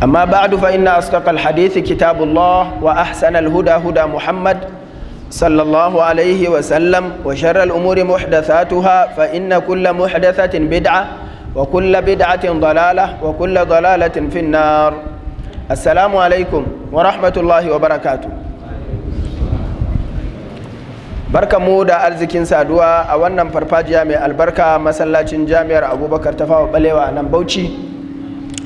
amma ba'du fa inna asqaqal hadithi kitabullah wa ahsanal huda huda muhammad sallallahu alayhi wa sallam wa sharral umuri muhdathatuha fa inna kulla muhdathatin bid'a wa kulla bid'atin dalala wa kulla dalalatin fin nar assalamu alaikum wa rahmatullahi wa barka mu da arzikin saduwa a wannan farfajiya mai albarka masallacin jami'ar abubakar tafawa balewa nan bauchi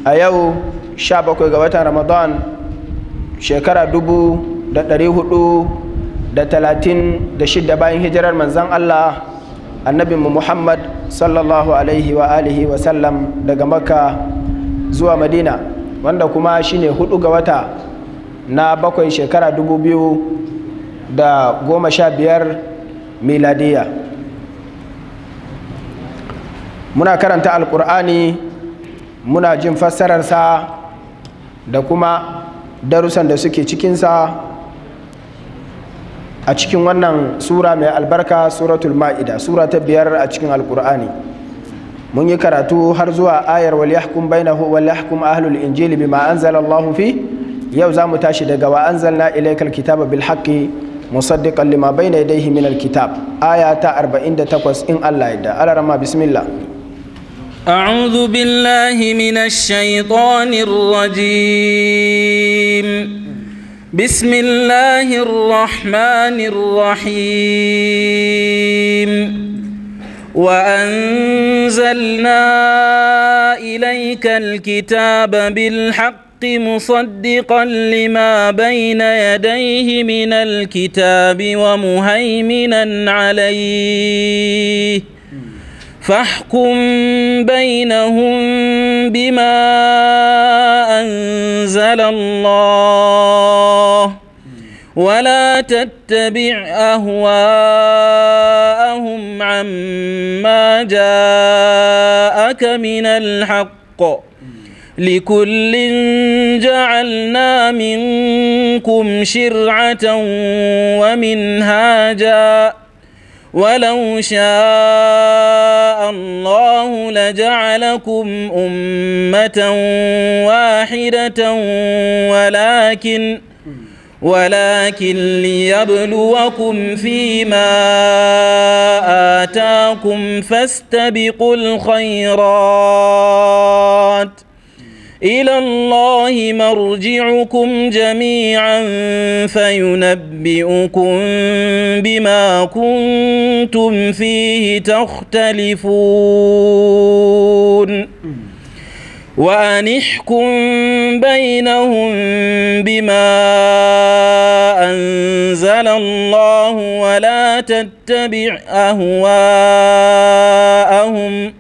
a yau 17 ga watan ramadan shekara 436 bayan hijirar manzan allah annabinmu muhammad sallallahu alaihi wa alihi wa sallam daga makka zuwa madina wanda kuma shine hudu ga wata na bakwai shekara 2015 miladiya muna karanta alkur'ani muna jin fassararsa da kuma darussan da suke cikinsa a cikin wannan sura mai albarka suratul ma'ida sura ta biyar a cikin alkur'ani mun yi karatu har zuwa ayar wal yahkum bainahu wal ahlul injili bima anzala fi yau zamu tashi daga wa anzalna ilaikal kitaba bil haqqi musaddiqan lima bayna yadayhi min al kitab aya ta 48 in Allah ya da alarama bismillah أعوذ بالله من الشيطان الرجيم بسم الله الرحمن الرحيم وأنزلنا إليك الكتاب بالحق مصدقا لما بين يديه من الكتاب ومهيمنا عليه فاحكم بينهم بما انزل الله ولا تتبع اهواءهم عما جاءك من الحق لكل جعلنا منكم شرعه ومنهاجا ولو شاء الله لجعلكم أمة واحدة ولكن ولكن ليبلوكم فيما آتاكم فاستبقوا الخيرات إلى الله مرجعكم جميعا فينبئكم بما كنتم فيه تختلفون وأنحكم بينهم بما أنزل الله ولا تتبع أهواءهم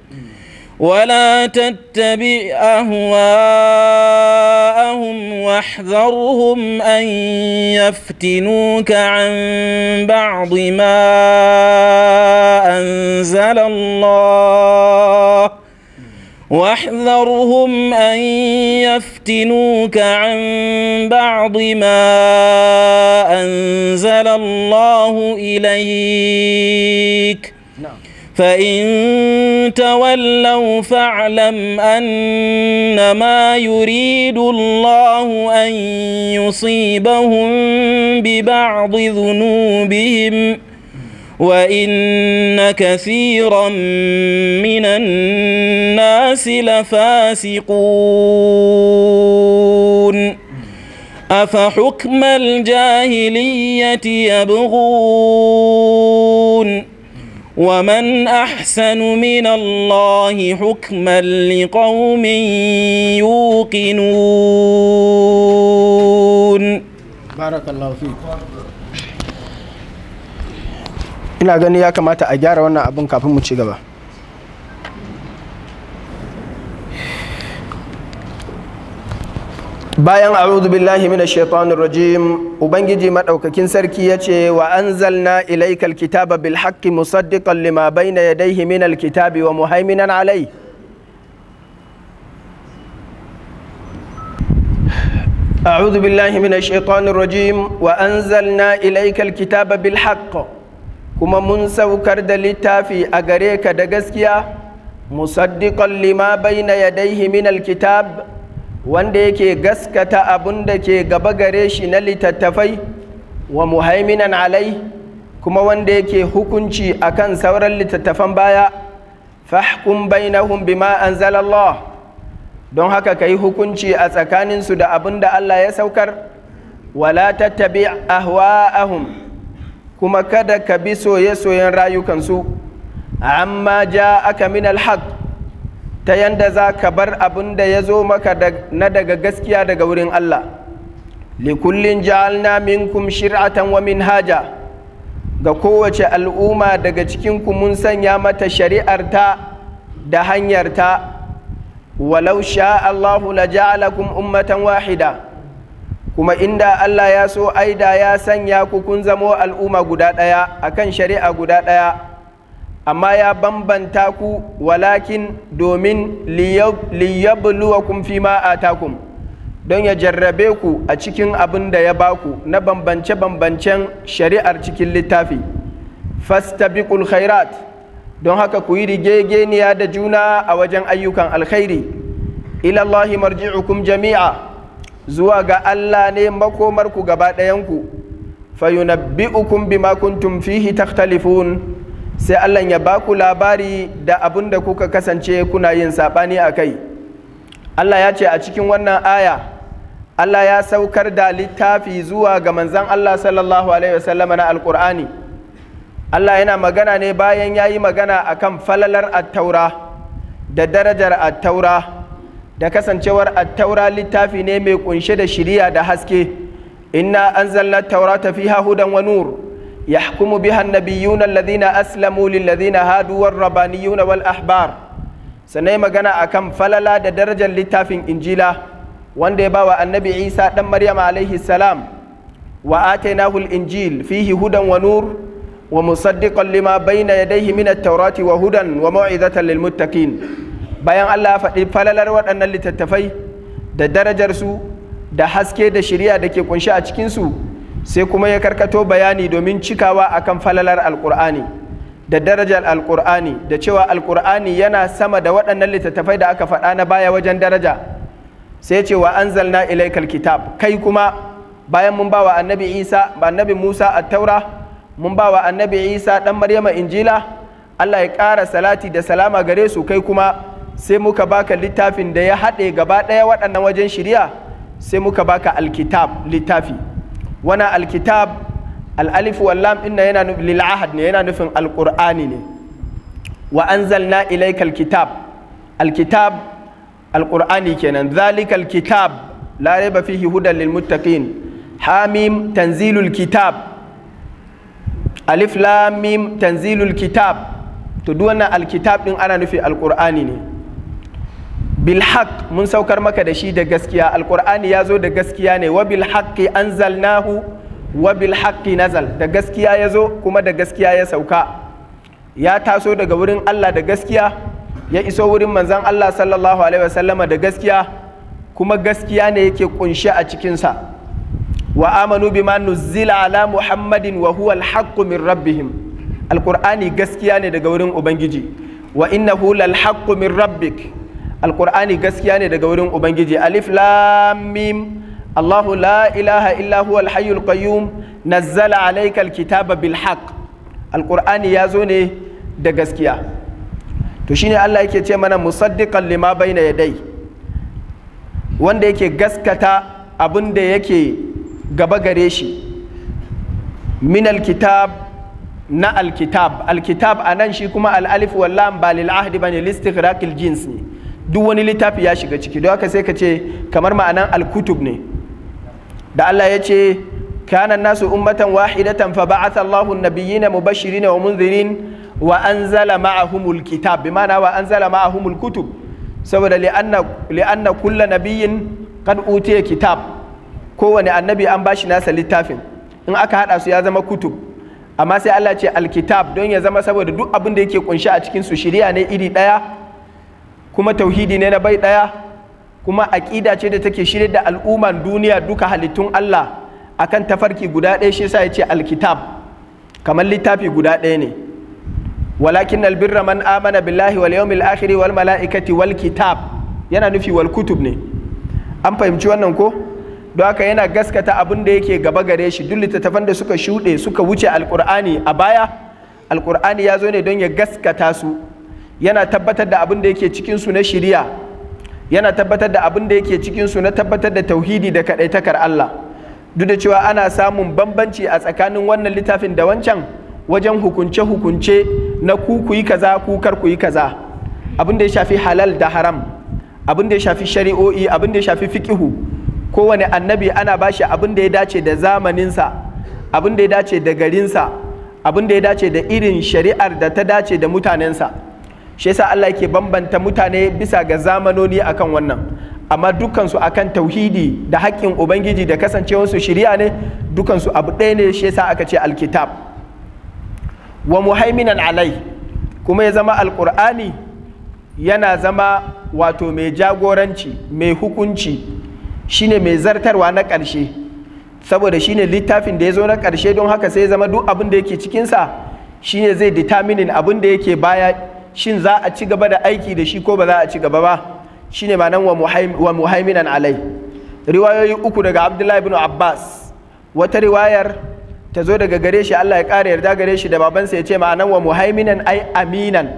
ولا تتبع اهواءهم واحذرهم ان يفتنوك عن بعض ما انزل الله واحذرهم ان يفتنوك عن بعض ما انزل الله اليك فإن تولوا فاعلم أنما يريد الله أن يصيبهم ببعض ذنوبهم وإن كثيرا من الناس لفاسقون أفحكم الجاهلية يبغون ومن man من الله حكما لقوم يوقنون بارك الله فيك ina gani ya kamata a gyara wannan abin kafin mu ci gaba bayan a'udhu billahi minash shaitanir rajim ubangiji madaukakin sarki yace wa anzalna ilaykal kitaba bil haqqi musaddiqan lima bayna yadayhi minal kitabi wa muhaiminan alai a'udhu billahi minash shaitanir rajim wa anzalna ilaykal kitaba bil haqq kuma mun saukar da littafi a gare ka da gaskiya musaddiqan lima bayna yadayhi minal kitab wanda yake gaskata abun da ke gaba gare shi na littattafai wa muhaiminan alai kuma wanda yake hukunci akan sauran littattafan baya fahkum bainahum bima anzalallah don haka kai hukunci a tsakaninsu da abin da Allah ya saukar wala tattabi ahwa'ahum kuma kada ka bi soye-soyen rayukansu amma ja aka min alhaq ta yanda za ka bar abin da ya zo maka na daga gaskiya daga wurin Allah likullin ja'alna minkum shir'atan wa minhaja ga kowace al'umma daga cikin ku mun sanya mata shari'ar ta da hanyar ta walau sha Allahu la ja'alakum ummatan wahida kuma inda Allah ya so aida ya sanya ku kun zamo al'umma guda ɗaya akan shari'a guda ɗaya amma ya bambanta ku walakin domin liyabluwakum fi ma don ya jarrabe ku a cikin abin da ya baku na bambance-bambancen shari'ar cikin littafi fastabiqul khairat don haka ku yi rigegeniya da juna a wajen ayyukan alkhairi ilallahi marji'ukum jami'a zuwa ga Allah ne makomarku gaba ɗayanku fayunabbi'ukum bima kuntum fihi takhtalifun sai Allah ya ba ku labari da abin da kuka kasance kuna yin saɓani a kai Allah ya ce a cikin wannan aya Allah ya saukar da littafi zuwa ga manzan Allah sallallahu alaihi wasallama na Alkur'ani. Allah yana magana ne bayan ya yi magana a kan falalar attaura da darajar attaura da kasancewar attaura littafi ne mai kunshe da shiriya da haske inna an zalla taurata tafi hudan wa nur يحكم بها النبيون الذين أسلموا للذين هادوا والربانيون والأحبار سنة مغانا أكم فللا دا درجة لتافين إنجيلا وان دي باوا النبي عيسى دم مريم عليه السلام وآتيناه الإنجيل فيه هدى ونور ومصدقا لما بين يديه من التوراة وهدى وموعظة للمتقين bayan Allah faɗi falalar waɗannan littattafai da darajarsu da haske da shirya da ke kunshi a cikinsu sai kuma ya karkato bayani domin cikawa akan falalar alkur'ani da darajar alkur'ani da cewa alkur'ani yana sama da waɗannan littattafai da aka faɗa na baya wajen daraja sai ce wa zalna ilaikal kitab kai kuma bayan mun bawa annabi isa annabi musa a taura mun bawa annabi isa ɗan maryama injila allah ya ƙara salati da salama gare su kai kuma sai muka baka littafin da ya haɗe gaba ɗaya waɗannan wajen shirya sai muka baka alkitab littafi wana alkitab al'alif wallam inna yana lil ahad ne yana nufin Alƙur'ani ne wa anzalna ilaika alkitab alkitab Alƙur'ani kenan zalika alkitab la raiba fihi hudan lil hamim tanzilul kitab alif lam mim tanzilul kitab to duk wannan alkitab ɗin ana nufin Alƙur'ani ne bilhaq mun saukar maka da shi da gaskiya alkur'ani ya zo da gaskiya ne wa bilhaqi anzalnahu wa bilhaqi nazal da gaskiya ya zo kuma da gaskiya ya sauka ya taso daga wurin Allah da gaskiya ya iso wurin manzan Allah sallallahu alaihi wasallama da gaskiya kuma gaskiya ne yake kunshe a cikinsa wa amanu bima nuzzila ala muhammadin wa huwa alhaqqu min rabbihim alkur'ani gaskiya ne daga wurin ubangiji wa innahu lalhaqqu min rabbik Alƙur'ani gaskiya ne daga wurin ubangiji alif lam mim Allahu la ilaha illa huwal hayyul qayyum nazzala alayka alkitaba bilhak. haqq ya zo ne da gaskiya to shi ne Allah yake ce mana musaddiqan lima bayna yadai wanda yake gaskata abin da yake gaba gare shi min alkitab na alkitab alkitab anan shi kuma al alif wal lam ba ahdi bane listighraqil jins ne duk wani littafi ya shiga ciki don haka sai ka ce kamar ma'anan al'kutub ne da Allah ya ce kanan nasu ummatan wahidatan fa ba'ath Allahu an-nabiyyina mubashirin wa munzirin wa anzala ma'ahumul kitab bi ma'ana wa anzala ma'ahumul kutub saboda li'anna li'anna kullu nabiyyin qad utiya kitab kowane annabi an bashi nasa littafin in aka hada su ya zama kutub amma sai Allah ce alkitab don ya zama saboda duk abin da yake kunshi a cikin su shari'a ne iri daya kuma tauhidi ne na bai ɗaya kuma aƙida ce da take shirya da al'umman duniya duka halittun Allah akan tafarki guda ɗaya shi sa ya ce alkitab kamar littafi guda ɗaya ne walakin albirra man amana billahi wal yawmil akhir wal malaikati wal kitab yana nufi wal kutub ne an fahimci wannan ko don haka yana gaskata abin da yake gaba gare shi duk littattafan da suka shuɗe suka wuce alkur'ani a baya alkur'ani ya zo ne don ya gaskata su yana tabbatar da abin da yake cikin su na shiriya yana tabbatar da abin da yake cikin su na tabbatar da tauhidi da kaɗaitakar Allah duk da cewa ana samun bambanci a tsakanin wannan littafin da wancan wajen hukunce hukunce na ku ku kaza ku kar ku kaza abin da ya shafi halal da haram abin da ya shafi shari'o'i abin da ya shafi fiqihu kowane annabi ana bashi abin da ya dace da zamaninsa abin da ya dace da garinsa abin da ya dace da irin shari'ar da ta dace da mutanensa shi yasa Allah yake bambanta mutane bisa ga zamanoni akan wannan amma dukansu akan tauhidi da haƙƙin ubangiji da kasancewarsu shiri'a ne dukansu abu ɗaya ne shi yasa aka ce alkitab wa muhaiminan alai kuma ya zama Alkur'ani yana zama wato mai jagoranci mai hukunci shine mai zartarwa na ƙarshe saboda shine littafin da ya zo na ƙarshe don haka sai ya zama duk abin da yake cikinsa shine zai determinin abin da yake baya shin za a ci gaba da aiki da shi ko ba za a ci gaba ba shine manan wa muhaiminan alai riwayoyi uku daga abdullahi ibn abbas wata riwayar ta zo daga gare shi Allah ya ƙara yarda gare shi da babansa ya ce manan wa muhaiminan ai aminan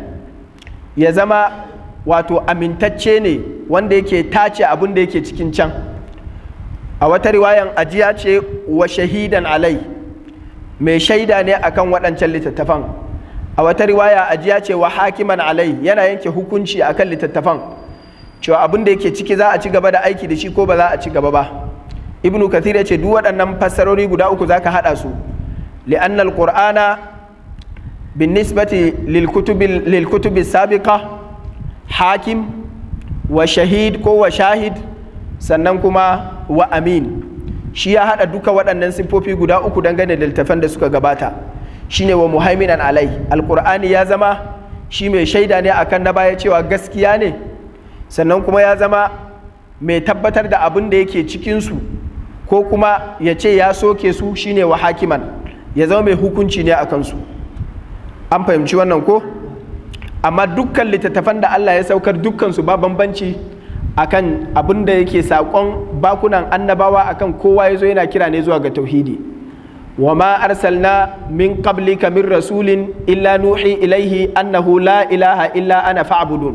ya zama wato amintacce ne wanda yake tace abin da yake cikin can a wata riwayan ajiya ce wa shahidan alai mai shaida ne akan waɗancan littattafan a wata riwaya ajiya ce wa hakiman alai yana yanke hukunci akan littattafan cewa abin da yake ciki za a ci gaba da aiki da shi ko ba za a ci gaba ba ibnu kathir ya ce duk waɗannan fassarori guda uku zaka haɗa su li'annal alqur'ana bin nisbati lil sabiqa hakim wa shahid ko wa shahid sannan kuma wa amin shi ya haɗa duka waɗannan siffofi guda uku dangane da littattafan da suka gabata shine wa muhaiminan alai alkur'ani ya zama shi mai shaida ne akan na baya cewa gaskiya ne sannan kuma ya zama mai tabbatar da abin da yake cikinsu ko kuma ya ce ya soke su shine wa hakiman ya zama mai hukunci ne a kansu an fahimci wannan ko amma dukkan littattafan da allah ya saukar dukkansu ba bambanci akan abin da yake saƙon bakunan annabawa akan kowa ya zo yana kira ne zuwa ga tauhidi wa ma arsalna min qablika min rasulin illa nuhi ilaihi annahu la ilaha illa ana fa'budun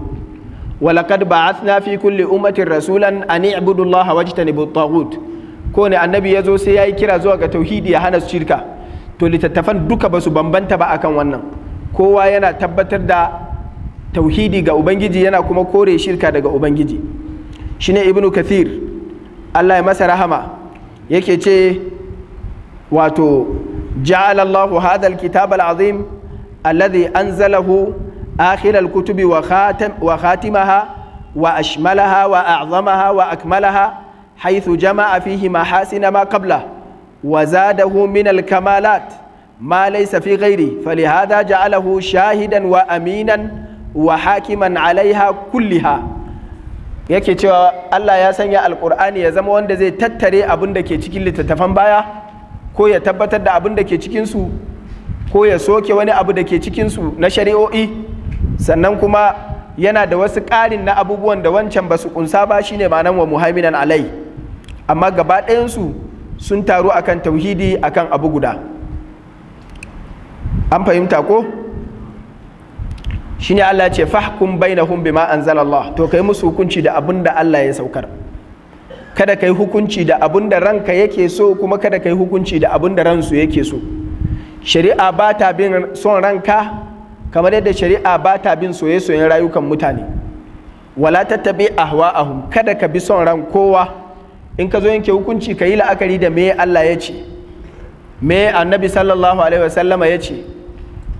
wa laqad ba'athna fi kulli ummatin rasulan an i'budu allaha wajtanibu at-taghut ko ne annabi yazo sai yayi kira zuwa ga tauhidi ya hana shirka to littattafan duka basu bambanta ba akan wannan kowa yana tabbatar da tauhidi ga ubangiji yana kuma kore shirka daga ubangiji shine ibnu kathir allah ya masa rahama yake ce wato ja'ala Allahu hadha alkitab alazim alladhi anzalahu akhir kutubi, wa khatam wa khatimaha wa ashmalaha wa a'zamaha wa akmalaha haythu jama'a fihi mahasin ma qabla wa zadahu min alkamalat ma laysa fi ghairi falihadha ja'alahu shahidan wa aminan wa hakiman alaiha kulliha yake cewa Allah ya sanya alkur'ani ya zama wanda zai tattare abin da ke cikin littattafan baya ko ya tabbatar da abin da ke cikinsu ko ya soke wani abu da ke cikinsu na shari'o'i sannan kuma yana da wasu ƙarin na abubuwan da wancan ba su ƙunsa ba shi ne ma'anan wa muhaiminan alai amma gaba ɗayansu sun taru a kan tauhidi a kan abu guda an fahimta ko shine Allah ce fahkum bainahum bima anzalallah to kai musu hukunci da abin da Allah ya saukar kada ka yi hukunci da abin da ranka yake so kuma kada ka yi hukunci da abin da ransu yake so shari'a ba ta bin son ranka kamar yadda shari'a ba ta bin soye-soyen rayukan mutane wala tattabi ahwa'ahum kada ka bi son ran kowa in ka zo yanke hukunci ka yi la'akari da me Allah ya ce me annabi sallallahu alaihi wasallama ya ce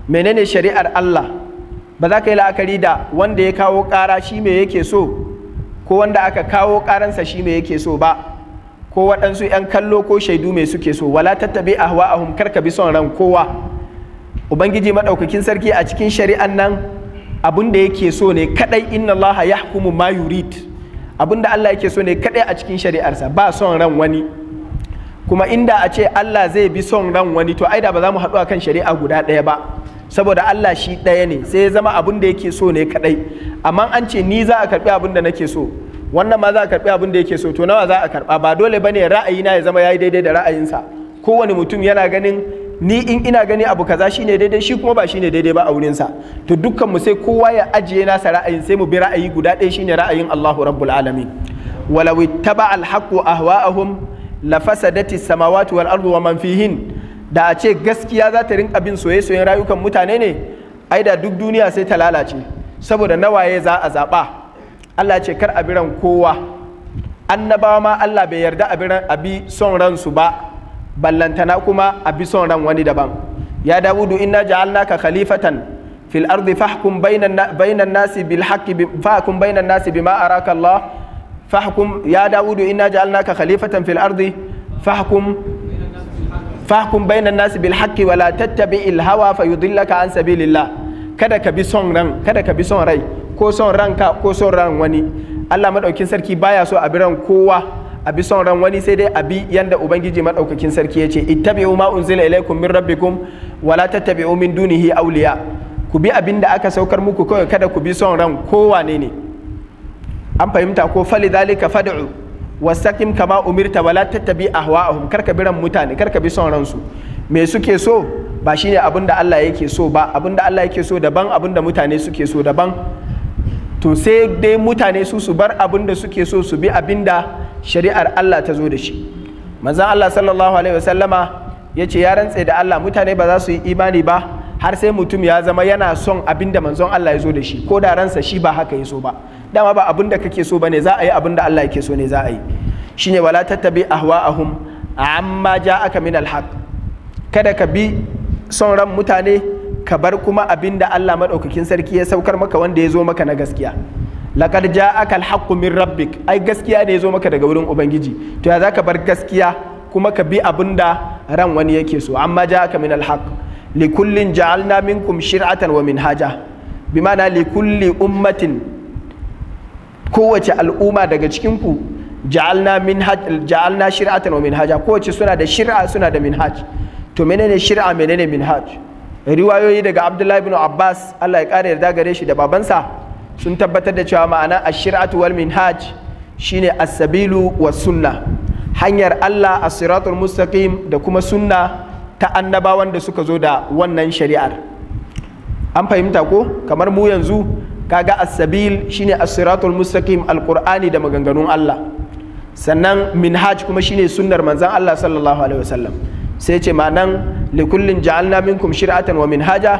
menene shari'ar Allah ba za ka yi la'akari da wanda ya kawo kara shi me yake so ko wanda aka kawo karansa shi me yake so ba ko waɗansu 'yan kallo ko shaidu mai suke so wala tattabi hawa ahum ka bi son ran kowa ubangiji maɗaukakin sarki a cikin shari'an nan abin da yake so ne kaɗai inna allaha yahkumu ma yurid abin da Allah yake so ne kaɗai a cikin shari'arsa ba son ran wani kuma inda a ce Allah zai bi son ran wani to ai da ba za mu haɗu kan shari'a guda ɗaya ba saboda Allah shi ɗaya ne sai ya zama abin da yake so ne kaɗai amma an ce ni za a karɓi abin da nake so wannan ma za a karɓi abin da yake so to nawa za a karɓa ba dole bane ra'ayina ya zama yayi daidai da ra'ayinsa kowane mutum yana ganin ni in ina gani abu kaza shi ne daidai shi kuma ba ne daidai ba a wurinsa to dukkan mu sai kowa ya ajiye nasa ra'ayin sai mu bi ra'ayi guda ɗaya shine ra'ayin Allahu rabbul alamin walau ittaba al ahwa'ahum lafasadati samawati wal ardu wa man fihin da a ce gaskiya za ta rinka bin soye-soyen rayukan mutane ne ai da duk duniya sai ta lalace saboda nawaye za a zaɓa Allah ce kar a biran kowa annabawa ma Allah bai yarda a biran bi son ransu ba ballantana kuma a bi son ran wani daban ya dawudu inna ja'alnaka khalifatan fil ardi fahkum bainan nasi bil haqqi fahkum bainan nasi bima araka Allah fahkum ya dawudu inna ja'alnaka khalifatan fil ardi fahkum fahkum bainan nasi bil haqqi wala tattabi'il hawa fayudillaka an sabilillah kada ka bi son ran kada ka bi son rai ko son ranka ko son ran wani Allah madaukin sarki baya so a bi ran kowa a bi son ran wani sai dai a bi yanda ubangiji madaukakin sarki yace ittabi'u ma unzila ilaykum min rabbikum wala tattabi'u min dunihi awliya ku bi abin da aka saukar muku kawai kada ku bi son ran kowane ne an fahimta ko fali dalika fad'u wasakim kama umirta wala tattabi ahwa'ahum karka biran mutane kar ka bi son ransu me suke so ba shine abin da Allah yake so ba abin da Allah yake so daban abin da mutane suke so daban to sai dai mutane su su bar abin da suke so su bi abin da shari'ar Allah ta zo da shi manzon Allah sallallahu alaihi wasallama ya ce ya rantse da Allah mutane ba za su yi imani ba har sai mutum ya zama yana son abin da manzon Allah ya zo da shi ko da ransa shi ba haka ya so ba dama ba abin da kake so bane za a yi abin da Allah yake so ne za a yi shine wala tattabi ahwa'ahum amma ja'aka min alhaq kada ka bi son ran mutane ka bar kuma abin da Allah madaukakin sarki ya saukar maka wanda ya zo maka na gaskiya laqad ja'aka alhaqqu min rabbik ai gaskiya ne ya zo maka daga wurin ubangiji to ya zaka bar gaskiya kuma ka bi abin da ran wani yake so amma ja'aka min alhaq likullin ja'alna minkum shir'atan wa minhaja bi ma'ana likulli ummatin kowace al'umma daga cikin ku ja'alna minhaj ja'alna shir'atan wa minhaja kowace suna da shir'a suna da minhaj to menene shir'a menene minhaj riwayoyi daga Abdullahi bin Abbas Allah ya kare yarda gare shi da babansa sun tabbatar da cewa ma'ana ash-shir'atu wal minhaj shine as-sabilu was sunnah hanyar Allah as-siratul mustaqim da kuma sunna ta annabawan da suka zo da wannan shari'ar an fahimta ko kamar mu yanzu kaga as-sabil shine as-siratul mustaqim qurani da maganganun Allah sannan minhaj kuma shine sunnar manzon Allah sallallahu alaihi wasallam sai ce li likullin ja'alna minkum shir'atan wa minhaja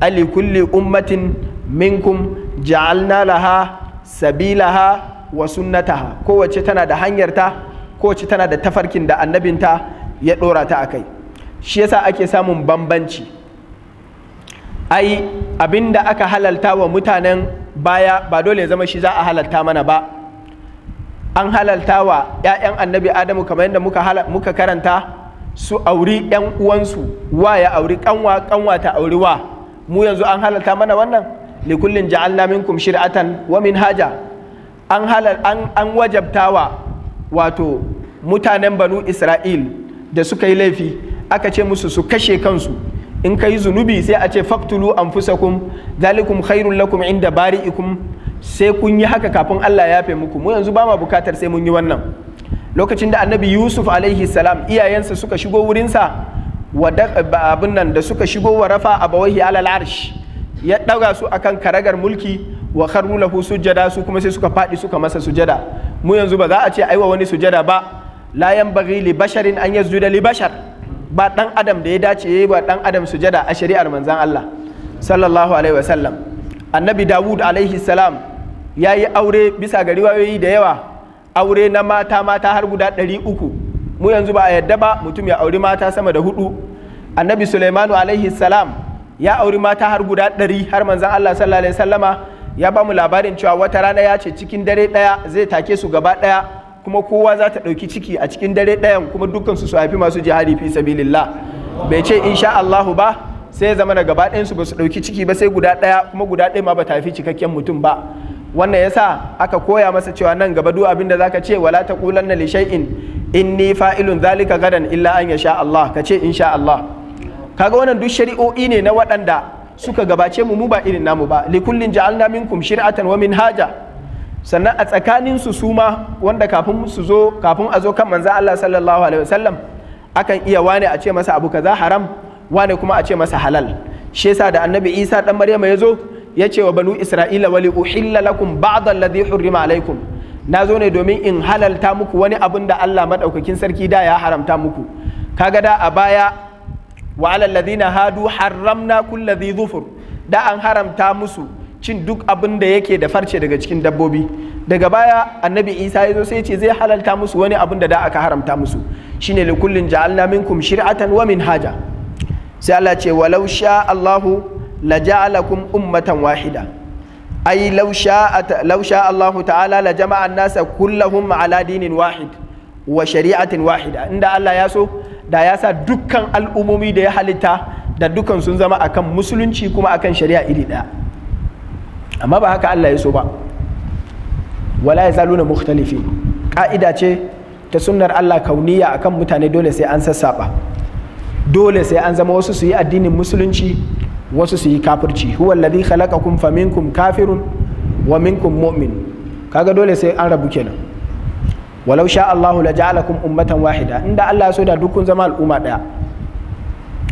ali kulli ummatin minkum ja'alna laha sabilaha wa sunnataha kowace tana da hanyarta kowace tana da tafarkin da annabinta ya dora ta akai shi yasa ake samun bambanci ai abinda aka halalta wa mutanen baya ba dole ya zama shi za a halalta mana ba an halalta wa 'ya'yan annabi adamu kamar yadda muka, karanta su auri 'yan uwansu wa ya auri kanwa kanwa ta auri wa mu yanzu an halalta mana wannan likullin ja'alna minkum shir'atan wa haja. an halal an, an wajabtawa wato mutanen banu isra'il da suka yi laifi aka ce musu su kashe kansu in ka yi zunubi sai a ce faktulu an fusakun. Zalikun khairun lakum inda bari'ikum sai kun yi haka kafin Allah ya yafe muku mu yanzu ba ma bukatar sai mun yi wannan lokacin da annabi Yusuf alaihi salam iyayensa suka shigo wurinsa abin nan da suka shigo wa rafa a bawai alal arsh ya ɗaga su akan karagar mulki wa kharru lahu sujada su kuma sai suka faɗi suka masa sujada mu yanzu ba za a ce aiwa wani sujada ba Layan yanbaghi li basharin an yasjuda li libashar. ba ɗan adam da ya dace ya yi ba ɗan adam sujada a shari'ar manzan Allah sallallahu alaihi wasallam annabi Dawud alaihi salam ya yi aure bisa ga riwayoyi da yawa aure na mata mata har guda ɗari uku mu yanzu ba a yadda ba mutum ya auri mata sama da hudu annabi Sulaimanu alaihi salam ya auri mata har guda ɗari har manzan Allah sallallahu alaihi wasallama ya ba mu labarin cewa wata rana ya ce cikin dare ɗaya zai take su gaba ɗaya kuma kowa za ta ɗauki ciki a cikin dare ɗayan kuma dukkan su haifi masu jihadi fi sabilillah bai ce insha Allahu ba sai zama na gaba ɗayansu ba su ɗauki ciki ba sai guda ɗaya kuma guda ɗaya ma ba ta haifi cikakken mutum ba wannan yasa aka koya masa cewa nan gaba duk abin da zaka ce wala ta taqulanna li shay'in inni fa'ilun zalika gadan illa an yasha Allah ka ce sha Allah kaga wannan duk shari'o'i ne na waɗanda suka gabace mu mu ba irin namu ba likullin ja'alna minkum shir'atan wa minhaja sannan a tsakaninsu su suma wanda kafin su zo kafin a zo kan manzan Allah sallallahu alaihi wasallam akan iya wane a ce masa abu kaza haram wane kuma a ce masa halal shi yasa da annabi Isa dan Maryama ya zo ya ce wa banu Isra'ila wali uhilla lakum ba'd alladhi hurrima alaikum na zo ne domin in halalta muku wani abin da Allah madaukakin sarki da ya haramta muku kaga da a baya wa alal hadu harramna kulli dhufur da an haramta musu cin duk abin da yake da farce daga cikin dabbobi daga baya annabi isa ya zo sai ce zai halalta musu wani abin da da aka haramta musu shine li kullin ja'alna minkum shir'atan wa haja sai Allah ce walau sha Allahu la ja'alakum ummatan wahida ai law sha law sha Allahu ta'ala la jama'a an-nasa kullahum ala dinin wahid wa shari'atin wahida inda Allah ya so da ya sa dukkan al'umomi da ya halitta da dukkan sun zama akan musulunci kuma akan shari'a iri ɗaya amma ba haka Allah ya so ba wala ya zaluna mukhtalifi ƙa'ida ce ta sunnar Allah kauniya akan mutane dole sai an sassaɓa dole sai an zama wasu su yi addinin musulunci wasu su yi kafirci huwa alladhi khalaqakum faminkum kafirun wa minkum mu'min kaga dole sai an rabu kenan walau sha Allah la ja'alakum ummatan wahida inda Allah ya so da dukkan zama al'umma daya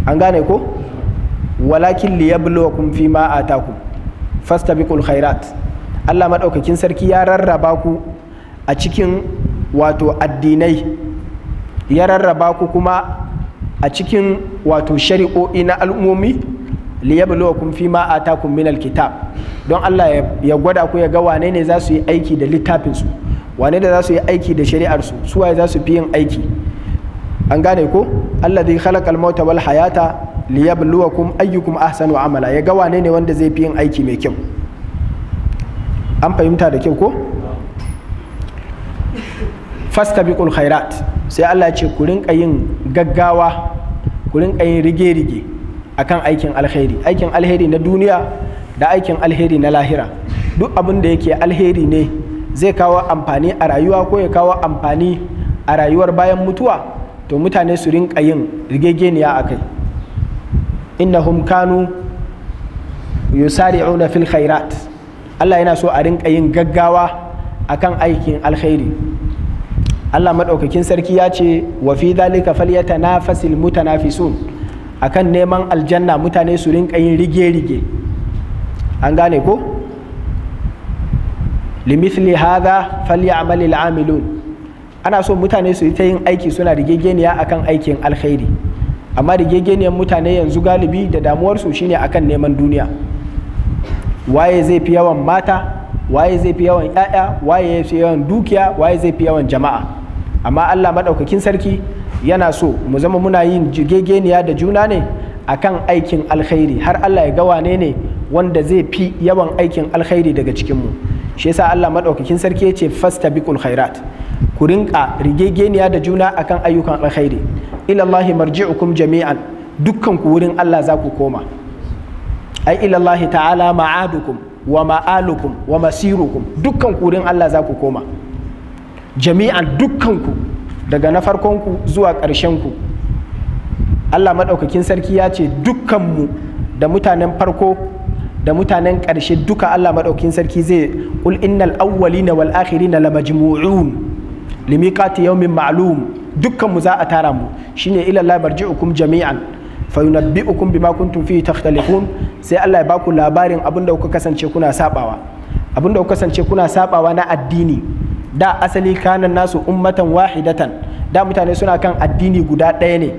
an gane ko walakin liyabluwakum fima atakum fastabiqul khairat Allah maɗaukakin sarki ya rarraba ku a cikin wato addinai ya rarraba ku kuma a cikin wato shari'o'i na al'ummomi liyabluwakum fi ma atakum min alkitab don Allah ya gwada ku ya ga wane ne za su yi aiki da littafin wane da za su yi aiki da shari'ar su suwaye za su fi yin aiki an gane ko Allah zai khalaqal mauta wal hayata liyabluwakum ayyukum ahsanu amala ya ga wane ne wanda zai fi yin aiki mai kyau an fahimta da kyau ko fastabiqul khairat sai Allah ce ku rinka yin gaggawa ku rinka yin rige-rige akan aikin alheri aikin alheri na duniya da aikin alheri na lahira duk abin da yake alheri ne zai kawo amfani a rayuwa ko ya kawo amfani a rayuwar bayan mutuwa to mutane su rinka yin rigegeniya a kai innahum kanu yusari'una fil khairat Allah yana so a rinka yin gaggawa akan aikin alkhairi Allah maɗaukakin sarki ya ce wa fi dhalika falyatanafasil mutanafisun akan neman aljanna mutane su rinka yin rige-rige an gane ko limithli hadha falyamal al'amilun ana so mutane su yi ta yin aiki suna rigegeniya akan aikin alkhairi amma rigegeniyar mutane yanzu galibi da damuwarsu shine akan neman duniya waye zai fi yawan mata waye zai fi yawan 'ya'ya waye zai fi yawan dukiya waye zai fi yawan jama'a amma allah maɗaukakin sarki yana so mu zama muna yin gegeniya da juna ne akan aikin alkhairi har allah ya ga wane ne wanda zai fi yawan aikin alkhairi daga cikinmu shi yasa allah maɗaukakin sarki ya ce fasta khairat ku rinka rigegeniya da juna akan ayyukan alkhairi ilallahi marji'ukum jami'an dukkan ku wurin Allah za ku koma ai ilallahi ta'ala ma'adukum wa ma'alukum wa masirukum dukkan ku wurin Allah za ku koma jami'an dukkan ku daga na farkon ku zuwa ƙarshen ku Allah maɗaukakin sarki ya ce dukkan mu da mutanen farko da mutanen ƙarshe duka Allah maɗaukakin sarki zai qul innal awwalina wal akhirina lamajmu'un limiqati yawmin ma'lum dukkan mu za a tara mu shine ila Allah hukum jami'an fa hukum bima kuntum fihi takhtalifun sai Allah ya baku labarin da kuka kasance kuna sabawa da kuka kasance kuna sabawa na addini da asali kanan nasu ummatan wahidatan da mutane suna kan addini guda ɗaya ne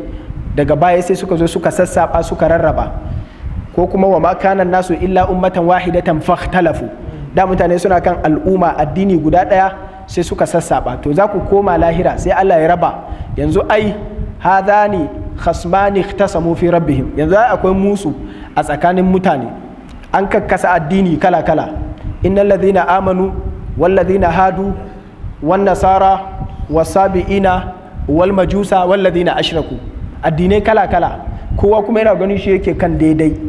daga baya sai suka zo suka sassaba suka rarraba ko kuma wa ma kanan nasu illa ummatan wahidatan fakhtalafu da mutane suna kan al'umma addini guda ɗaya sai suka sassaba to za ku koma lahira sai Allah ya raba yanzu ai hadani khasmani ikhtasamu fi rabbihim yanzu akwai musu a tsakanin mutane an kakkasa addini kala kala innal ladhina amanu wal ladhina hadu wan nasara wasabiina wal majusa wal ladhina ashraku addinai kala kala kowa kuma yana ganin shi yake kan daidai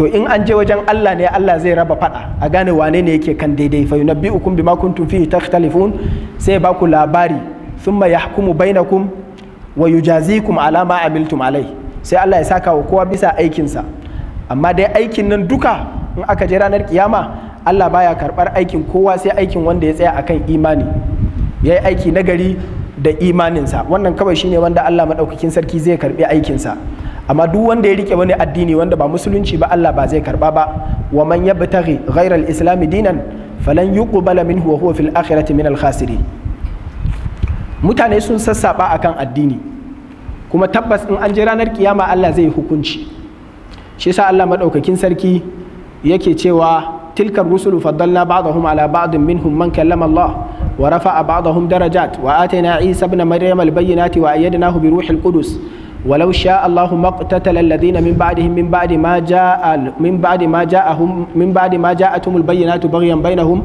to in an je wajen Allah ne Allah zai raba fada a gane wane ne yake kan daidai fa ukum bima kuntum fihi takhtalifun sai ba ku labari thumma yahkumu bainakum wa yujazikum ala ma amiltum alai sai Allah ya saka wa kowa bisa aikinsa amma dai aikin nan duka in aka je ranar kiyama Allah baya karbar aikin kowa sai aikin wanda ya tsaya akan imani yayi yi aiki nagari da imaninsa wannan kawai shine wanda Allah maɗaukakin sarki zai karbi aikinsa amma duk wanda ya rike wani addini wanda ba musulunci ba Allah ba zai karba ba wa man yabtaghi ghayra al-islam dinan falan yuqbala minhu wa huwa fil akhirati min al-khasirin mutane sun sassaba akan addini kuma tabbas in an je ranar kiyama Allah zai hukunci shi yasa Allah madaukakin sarki yake cewa tilkar rusulu faddalna ba'dahum ala ba'din minhum man kallama Allah wa rafa'a ba'dahum darajat wa atayna Isa ibn Maryam al-bayyinati wa ayyadnahu bi ruhil qudus ولو شاء الله ما اقتتل الذين من بعدهم من بعد ما جاء من بعد ما جاءهم من بعد ما جاءتهم البينات بغيا بينهم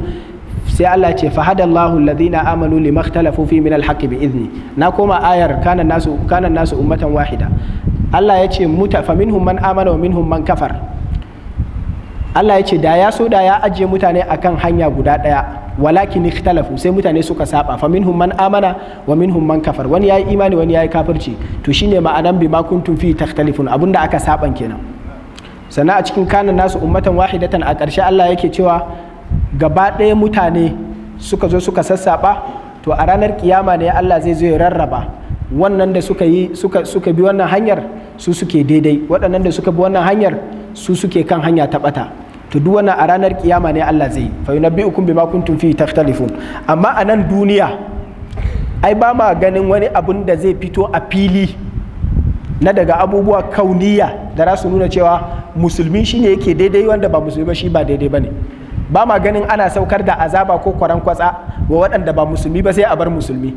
sai Allah ce fahada Allahu alladhina amanu lima ikhtalafu fi min alhaqqi bi idni na koma ayar kana nasu kana nasu ummatan wahida Allah ya ce muta fa minhum man amana wa minhum man kafar Allah ya ce da ya so da ya ajiye mutane akan hanya guda daya walakin ikhtalafu sai mutane suka saba fa minhum man amana wa minhum man kafar wani yayi imani wani yayi kafirci to shine ma'anan bima kuntum fi takhtalifun abunda aka saban kenan sana a cikin kanan nasu ummatan wahidatan a ƙarshe Allah yake cewa gaba ɗaya mutane suka zo suka sassaba to a ranar kiyama ne Allah zai zo ya rarraba wannan da suka yi suka suka bi wannan hanyar su suke daidai waɗannan da suka bi wannan hanyar su suke kan hanya ta ɓata to duk wannan a ranar kiyama ne Allah zai fa yunabbi'ukum bima kuntum fi takhtalifun amma a nan duniya ai ba ma ganin wani abun da zai fito a fili na daga abubuwa kauniya da za su nuna cewa musulmi shine yake daidai wanda ba musulmi ba shi ba daidai bane ba ma ganin ana saukar da azaba ko kwaran kwatsa wa waɗanda ba musulmi ba sai a bar musulmi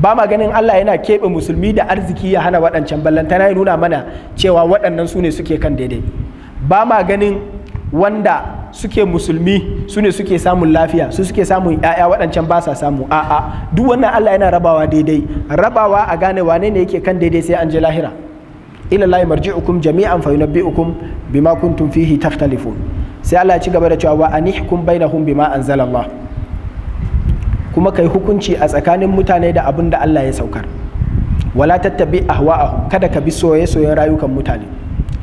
ba ma ganin Allah yana keɓe musulmi da arziki ya hana waɗancan ballantana ya nuna mana cewa waɗannan su ne suke kan daidai ba ma ganin wanda suke musulmi su ne suke samun lafiya su suke samun ya'ya waɗancan ba sa samu a'a duk wannan Allah yana rabawa daidai rabawa a gane wane ne yake kan daidai sai an je lahira ila lahi marji'ukum jami'an fa yunabbi'ukum bima kuntum fihi takhtalifun sai Allah ya ci gaba da cewa wa anihkum bainahum bima anzalallah kuma kai hukunci a tsakanin mutane da abin da Allah ya saukar wala tattabi ahwa'ahum kada ka bi soye-soyen rayukan mutane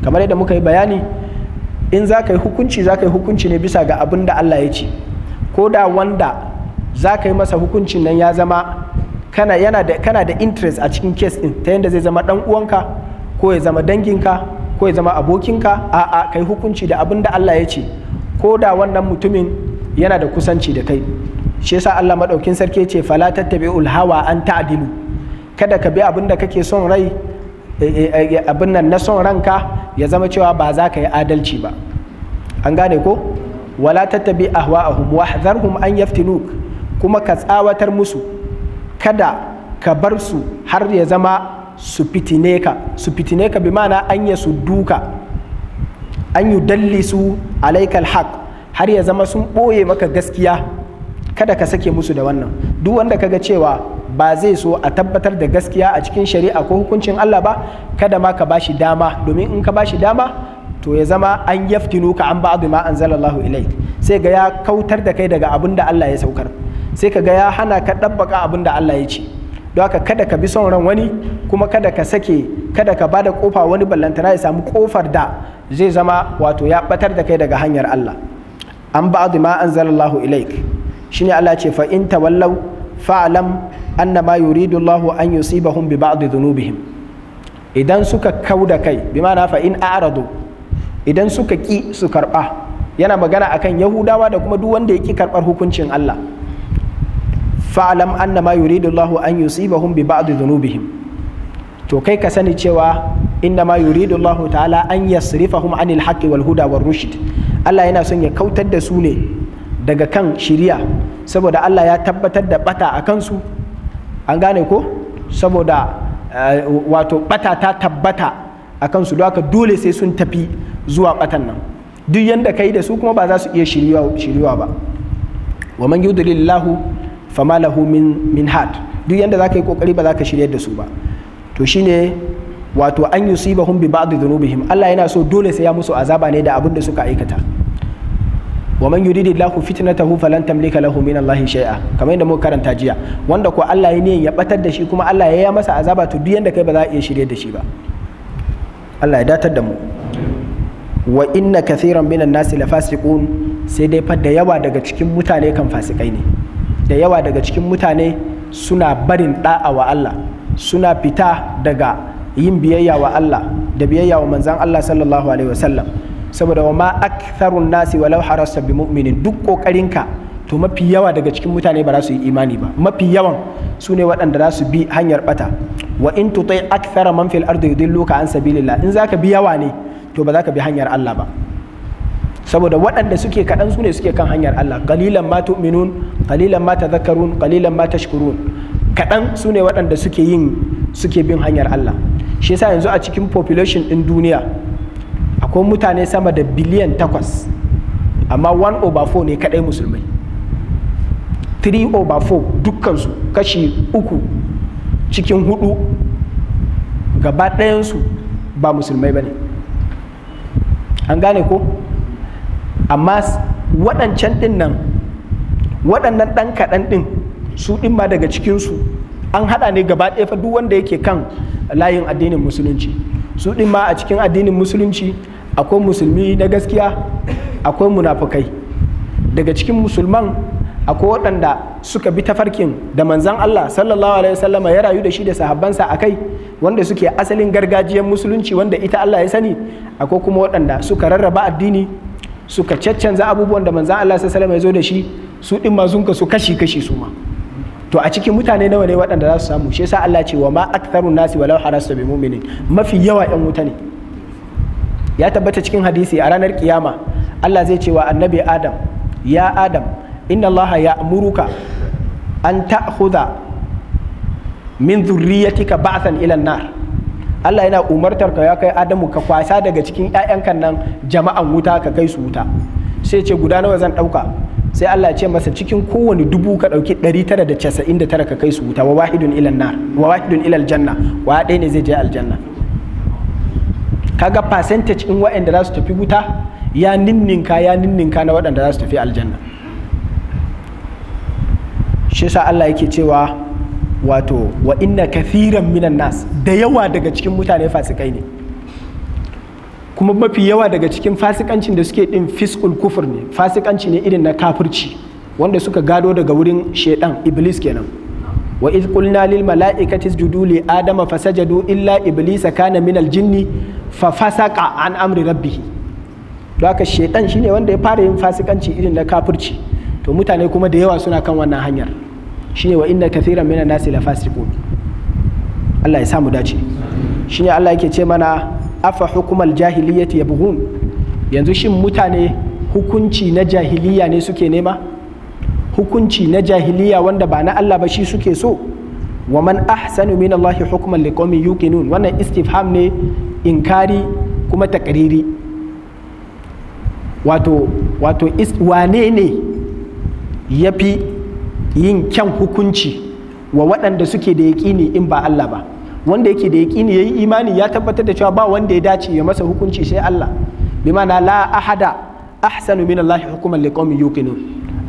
kamar yadda muka yi bayani in za ka yi hukunci za ka yi hukunci ne bisa ga abin da Allah ya ce ko da wanda za ka yi masa hukuncin nan ya zama kana yana da kana da interest a cikin case din ta yadda zai zama dan uwanka ko ya zama danginka ko ya zama abokinka a'a kai hukunci da abin da Allah ya ce ko da wannan mutumin yana da kusanci da kai shi yasa Allah madaukin sarki ce fala tattabi'ul hawa an ta'dilu kada ka bi abin da kake son rai eh, eh, eh, abin nan na son ranka ya zama cewa ba za ka yi adalci ba an gane ko wala tattabi ahwa'ahum wahdharhum an yaftinuk kuma ka tsawatar musu kada ka bar su har ya zama su fitine ka su fitine ka bi mana an ya su duka an yi dalli su alaikal haq har ya zama sun ɓoye maka gaskiya kada ka sake musu da wannan duk wanda ka ga cewa ba zai so a tabbatar da gaskiya a cikin shari'a ko hukuncin Allah ba kada ma ka bashi dama domin in ka bashi dama to ya zama an yaftinu ka an ba'adu ma anzalallahu ilaik sai ga ya kautar da kai daga abin da Allah ya saukar sai ka ga ya hana ka dabbaka abin da Allah ya ce don haka kada ka bi son ran wani kuma kada ka sake kada ka ba da kofa wani ballantana ya samu kofar da zai zama wato ya batar da kai daga hanyar Allah an ba'adu ma anzalallahu ilaik shine Allah ce fa in tawallau fa'lam anna ma yuridu an yusibahum bi ba'd dhunubihim idan suka kauda kai bi ma'ana fa in a'radu idan suka ki su karba yana magana akan yahudawa da kuma duk wanda ya ki karbar hukuncin Allah fa'lam anna ma an yusibahum bi ba'd dhunubihim to kai ka sani cewa innama ma ta'ala an yasrifahum anil haqqi wal huda war rushd Allah yana son ya kautar da su ne daga kan shiriya saboda Allah ya tabbatar da bata a kansu an gane ko saboda eh, wato bata ta tabbata a kansu don dole sai sun tafi zuwa batan nan duk yadda kai da su kuma ba za su iya shiriwa ba wa man yudlilillahu fama lahu min had duk za zaka yi kokari ba za ka shiryar da su ba to shine wato an yusibahum bi ba'd dhunubihim Allah yana so dole sai ya musu azaba ne da abin da suka aikata wa man yuridillahu fitnatahu falan tamlika lahu min Allah shay'a kamar da muka karanta jiya wanda ko Allah ya niyan ya batar da shi kuma Allah ya yi masa azaba to duk yanda kai ba za a iya shirye da shi ba Allah ya datar da mu wa inna kathiran minan nasi lafasiqun sai dai fa da yawa daga cikin mutane kan fasikai ne da yawa daga cikin mutane suna barin da'a wa Allah suna fita daga yin biyayya wa Allah da biyayya wa manzan Allah sallallahu alaihi wasallam saboda wa ma aktharun nasi walau harasta bi mu'minin duk kokarinka to mafi yawa daga cikin mutane ba za su yi imani ba mafi yawan su ne waɗanda za su bi hanyar bata wa in tutai akthara man fil ardi ka an sabilillah in zaka bi yawa ne to ba za bi hanyar Allah ba saboda waɗanda suke kaɗan su ne suke kan hanyar Allah qalilan ma tu'minun qalilan ma tadhakkarun qalilan ma tashkurun kaɗan su ne waɗanda suke yin suke bin hanyar Allah shi yasa yanzu a cikin population ɗin duniya akwai mutane sama da biliyan takwas amma 1 over 4 ne kadai musulmai 3 over 4 dukkansu kashi uku cikin hudu gaba ɗayansu ba musulmai ba ne an gane ko amma waɗancan ɗin nan waɗannan ɗan kaɗan ɗin su ɗin ma daga cikinsu an haɗa ne gaba ɗaya fa duk wanda yake kan layin addinin musulunci su ɗin ma a cikin addinin musulunci akwai musulmi na gaskiya akwai munafukai daga cikin musulman akwai waɗanda suka bi tafarkin da manzan Allah sallallahu alaihi wasallam ya rayu da shi da sahabbansa a kai wanda suke asalin gargajiyar musulunci wanda ita Allah ya sani akwai kuma waɗanda suka rarraba addini suka caccanza abubuwan da manzan Allah sallallahu alaihi wasallam ya zo da shi su ɗin ma zunka su kashi kashi su ma to a cikin mutane nawa ne waɗanda za su samu shi yasa Allah ce wa ma aktharun nasi walau harasu bi mu'minin mafi yawa ɗan wuta ne ya tabbata cikin hadisi a ranar kiyama Allah zai ce wa annabi Adam ya Adam inna Allah ya amuruka an ta'khudha min dhurriyyatika ba'than ila nar Allah yana umartar ka ya kai Adamu ka kwasa daga cikin ƴaƴanka nan jama'an wuta ka kai su wuta sai ce guda nawa zan ɗauka sai Allah ce masa cikin kowane dubu ka ɗauki 999 ka kai su wuta wa wahidun ilan nar wa wahidun ilal janna wa ɗaya ne zai je aljanna kaga percentage in waɗanda za su tafi wuta ya ninninka ya ninninka na waɗanda za su tafi aljanna shi yasa Allah yake cewa wato wa inna kathiran minan nas da yawa daga cikin mutane fasikai ne kuma mafi yawa daga cikin fasikancin da suke ɗin fiskul kufur ne fasikanci ne irin na kafirci wanda suka gado daga wurin shaidan iblis kenan wa iz qulna lil mala'ikati isjudu li adama fasajadu illa iblis kana min al jinni fa fasaqa an amri rabbih don haka shaidan shine wanda ya fara yin fasikanci irin na kafirci to mutane kuma da yawa suna kan wannan hanyar shine wa inna kathiran minan nasi la fasiqun Allah ya samu dace shine Allah yake ce mana afa hukumal jahiliyyati yabghun yanzu shin mutane hukunci na jahiliya ne suke nema hukunci na jahiliya wanda ba na Allah ba shi suke so wa man ahsanu min Allah hukman liqaumin yuqinun wannan istifham ne inkari kuma takariri wato wato wane ne yafi yin kyan hukunci wa waɗanda suke da yaƙini in ba Allah ba wanda yake da yaƙini yi imani ya tabbatar da cewa ba wanda ya dace ya masa hukunci sai Allah bi mana la ahada ahsanu min Allah hukuman liqaumin yuqinun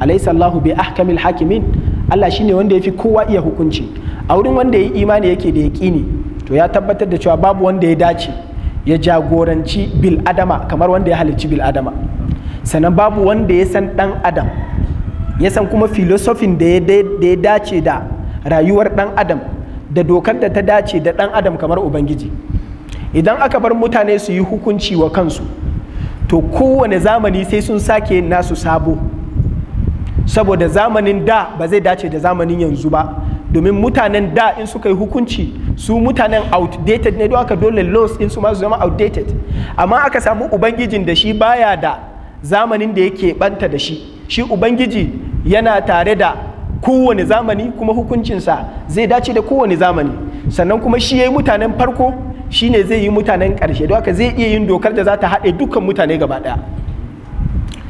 alaysa Allah bi ahkamil hakimin Allah shine wanda yafi kowa iya hukunci a wurin wanda yayi imani yake da yaƙini to ya tabbatar da cewa babu wanda ya dace ya jagoranci bil adama kamar wanda ya halicci bil adama sannan babu wanda ya san dan adam ya san kuma filosofin da ya dace da rayuwar dan adam da dokar da ta dace da ɗan adam kamar ubangiji idan aka bar mutane su yi hukunci wa kansu to kowane zamani sai sun sake nasu sabo saboda zamanin da ba zai dace da zamanin yanzu ba domin mutanen da in suka yi hukunci su mutanen outdated ne don aka dole laws in su masu zama outdated amma aka samu ubangijin da shi baya da zamanin da yake banta da shi shi ubangiji yana tare da kowane zamani kuma hukuncinsa zai dace da kowane zamani sannan kuma shi ya yi mutanen farko shi ne zai yi mutanen ƙarshe don haka zai iya yin dokar da za ta haɗe dukkan mutane gaba ɗaya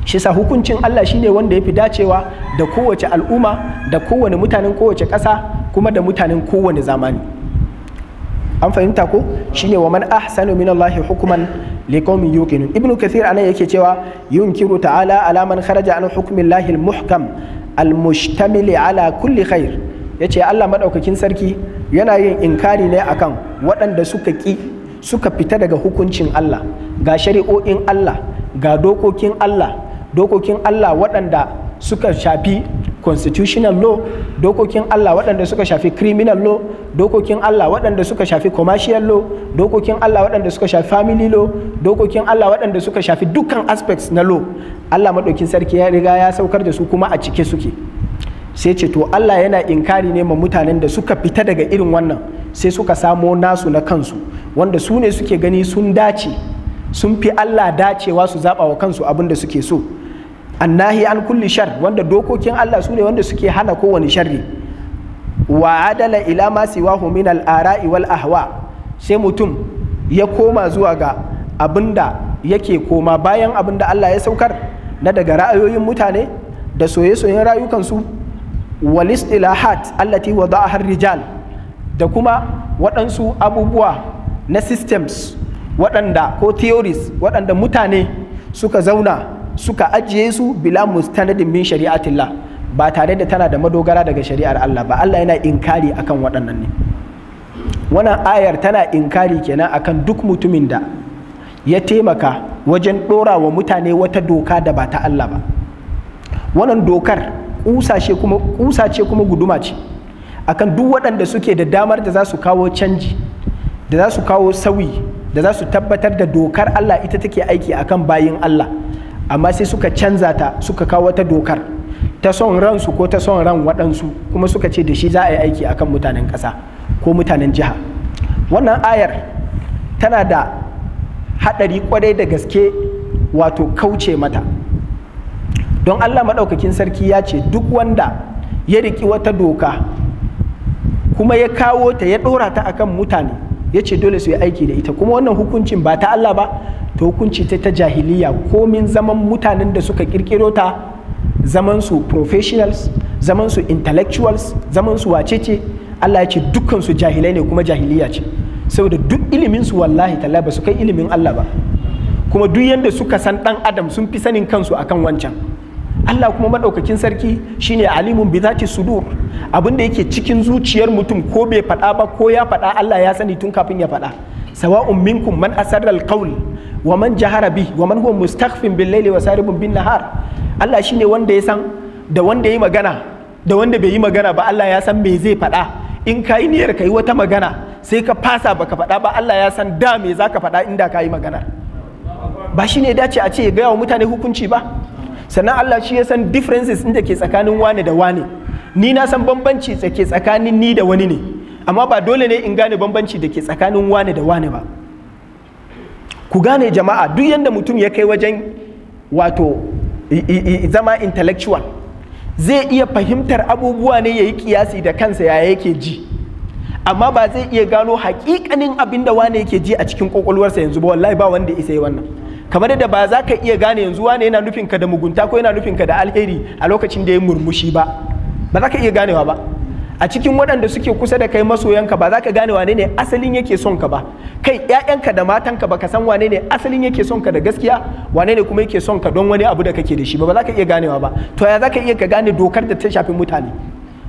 shi sa hukuncin Allah shi ne wanda ya fi dacewa da kowace al'umma da kowane mutanen kowace ƙasa kuma da mutanen kowane zamani an fahimta ko shi ne wa man ahsanu min Allah hukuman liqaumin yuqinun ibnu kathir anan yake cewa yunkiru ta'ala ala man kharaja an hukumin lahil muhkam almushtamili ala kulli khair ce Allah madaukakin sarki yana yin inkari ne akan waɗanda suka ki suka fita daga hukuncin Allah ga shari'o'in Allah ga dokokin Allah dokokin Allah waɗanda suka shafi constitutional law dokokin Allah waɗanda suka shafi criminal law dokokin Allah waɗanda suka shafi commercial law dokokin Allah waɗanda suka shafi family law dokokin Allah waɗanda suka shafi dukkan aspects na law Allah maɗaukin sarki ya riga ya saukar da su kuma a cike suke sai ce to Allah yana inkari ne ma mutanen da suka fita daga irin wannan sai suka samo nasu na kansu wanda su ne suke gani sun dace sun fi Allah dacewa su zaɓa wa kansu abin da suke so annahi an kulli shar wanda dokokin Allah su ne wanda suke hana kowane sharri wa adala ila ma siwahu min al ara'i wal ahwa sai mutum ya koma zuwa ga abinda yake koma bayan abinda Allah ya saukar na daga ra'ayoyin mutane da soye-soyen rayukansu wal istilahat allati wada'aha rijal da kuma waɗansu abubuwa na systems waɗanda ko theories waɗanda mutane suka zauna suka ajiye su bila mustanadin min shari'atillah ba tare da tana da madogara daga shari'ar Allah ba Allah yana inkari akan waɗannan ne wannan ayar tana inkari kenan akan duk mutumin da ya taimaka wajen ɗora wa mutane wata doka da ba ta Allah ba wannan dokar kusa ce kuma guduma ce akan duk waɗanda suke da damar da za su kawo canji da za su kawo sauyi da za su tabbatar da dokar Allah ita take aiki akan bayin Allah amma sai suka canza ta suka kawo wata dokar ta son ransu ko ta son ran waɗansu kuma suka ce da shi za a yi aiki akan mutanen ƙasa ko mutanen jiha wannan ayar tana da haɗari kwarai da gaske wato kauce mata don allah maɗaukakin sarki ya ce duk wanda ya riki wata doka kuma ya kawo ta ya ɗora ta akan mutane ya ce dole su yi aiki da ita kuma wannan hukuncin ba ta allah ba to hukunci ta ta jahiliya komin zaman mutanen da suka kirkiro ta zaman su professionals zaman su intellectuals zaman su wacece Allah ya ce dukkan su jahilai ne kuma jahiliya ce saboda duk ilimin su wallahi talla ba su kai ilimin Allah ba kuma duk yanda suka san dan adam sun fi sanin kansu akan wancan Allah kuma madaukakin sarki shine alimun bi zati sudur abin da yake cikin zuciyar mutum ko bai faɗa ba ko ya faɗa Allah ya sani tun kafin ya faɗa sawa'un minkum man asarra alqawl wa man jahara bi wa man huwa mustakhfin bil laili wa saribun bin nahar Allah shine wanda ya san da wanda yi magana da wanda bai yi magana ba Allah ya san me zai faɗa in ka niyyar ka wata magana sai ka fasa baka faɗa ba Allah ya san da me zaka ka faɗa inda ka yi magana ba shi dace a ce ya gaya wa mutane hukunci ba sannan Allah shi ya san differences inda ke tsakanin wane da wane ni na san bambanci da tsakanin ni da wani ne amma ba dole ne in gane bambanci da ke tsakanin wane da wane ba ku gane jama'a duk yadda mutum ya kai wajen wato zama intellectual zai iya fahimtar abubuwa ne ya yi kiyasi da kansa ya yake ji amma ba zai iya gano hakikanin abin da wane yake ji a cikin kwakwalwarsa yanzu ba wallahi ba wanda isa yi wannan kamar da ba za ka iya gane yanzu wane yana nufin da mugunta ko yana nufin ka da alheri a lokacin da ya murmushi ba ba za ka iya ganewa ba a cikin waɗanda suke kusa da kai masoyanka ba za ka gane wane ne asalin yake son ka ba kai ƴaƴanka da matanka ba ka san wane ne asalin yake son ka da gaskiya wane ne kuma yake son ka don wani abu da kake da shi ba za ka iya ganewa ba to ya za ka iya ka gane dokar da ta shafi mutane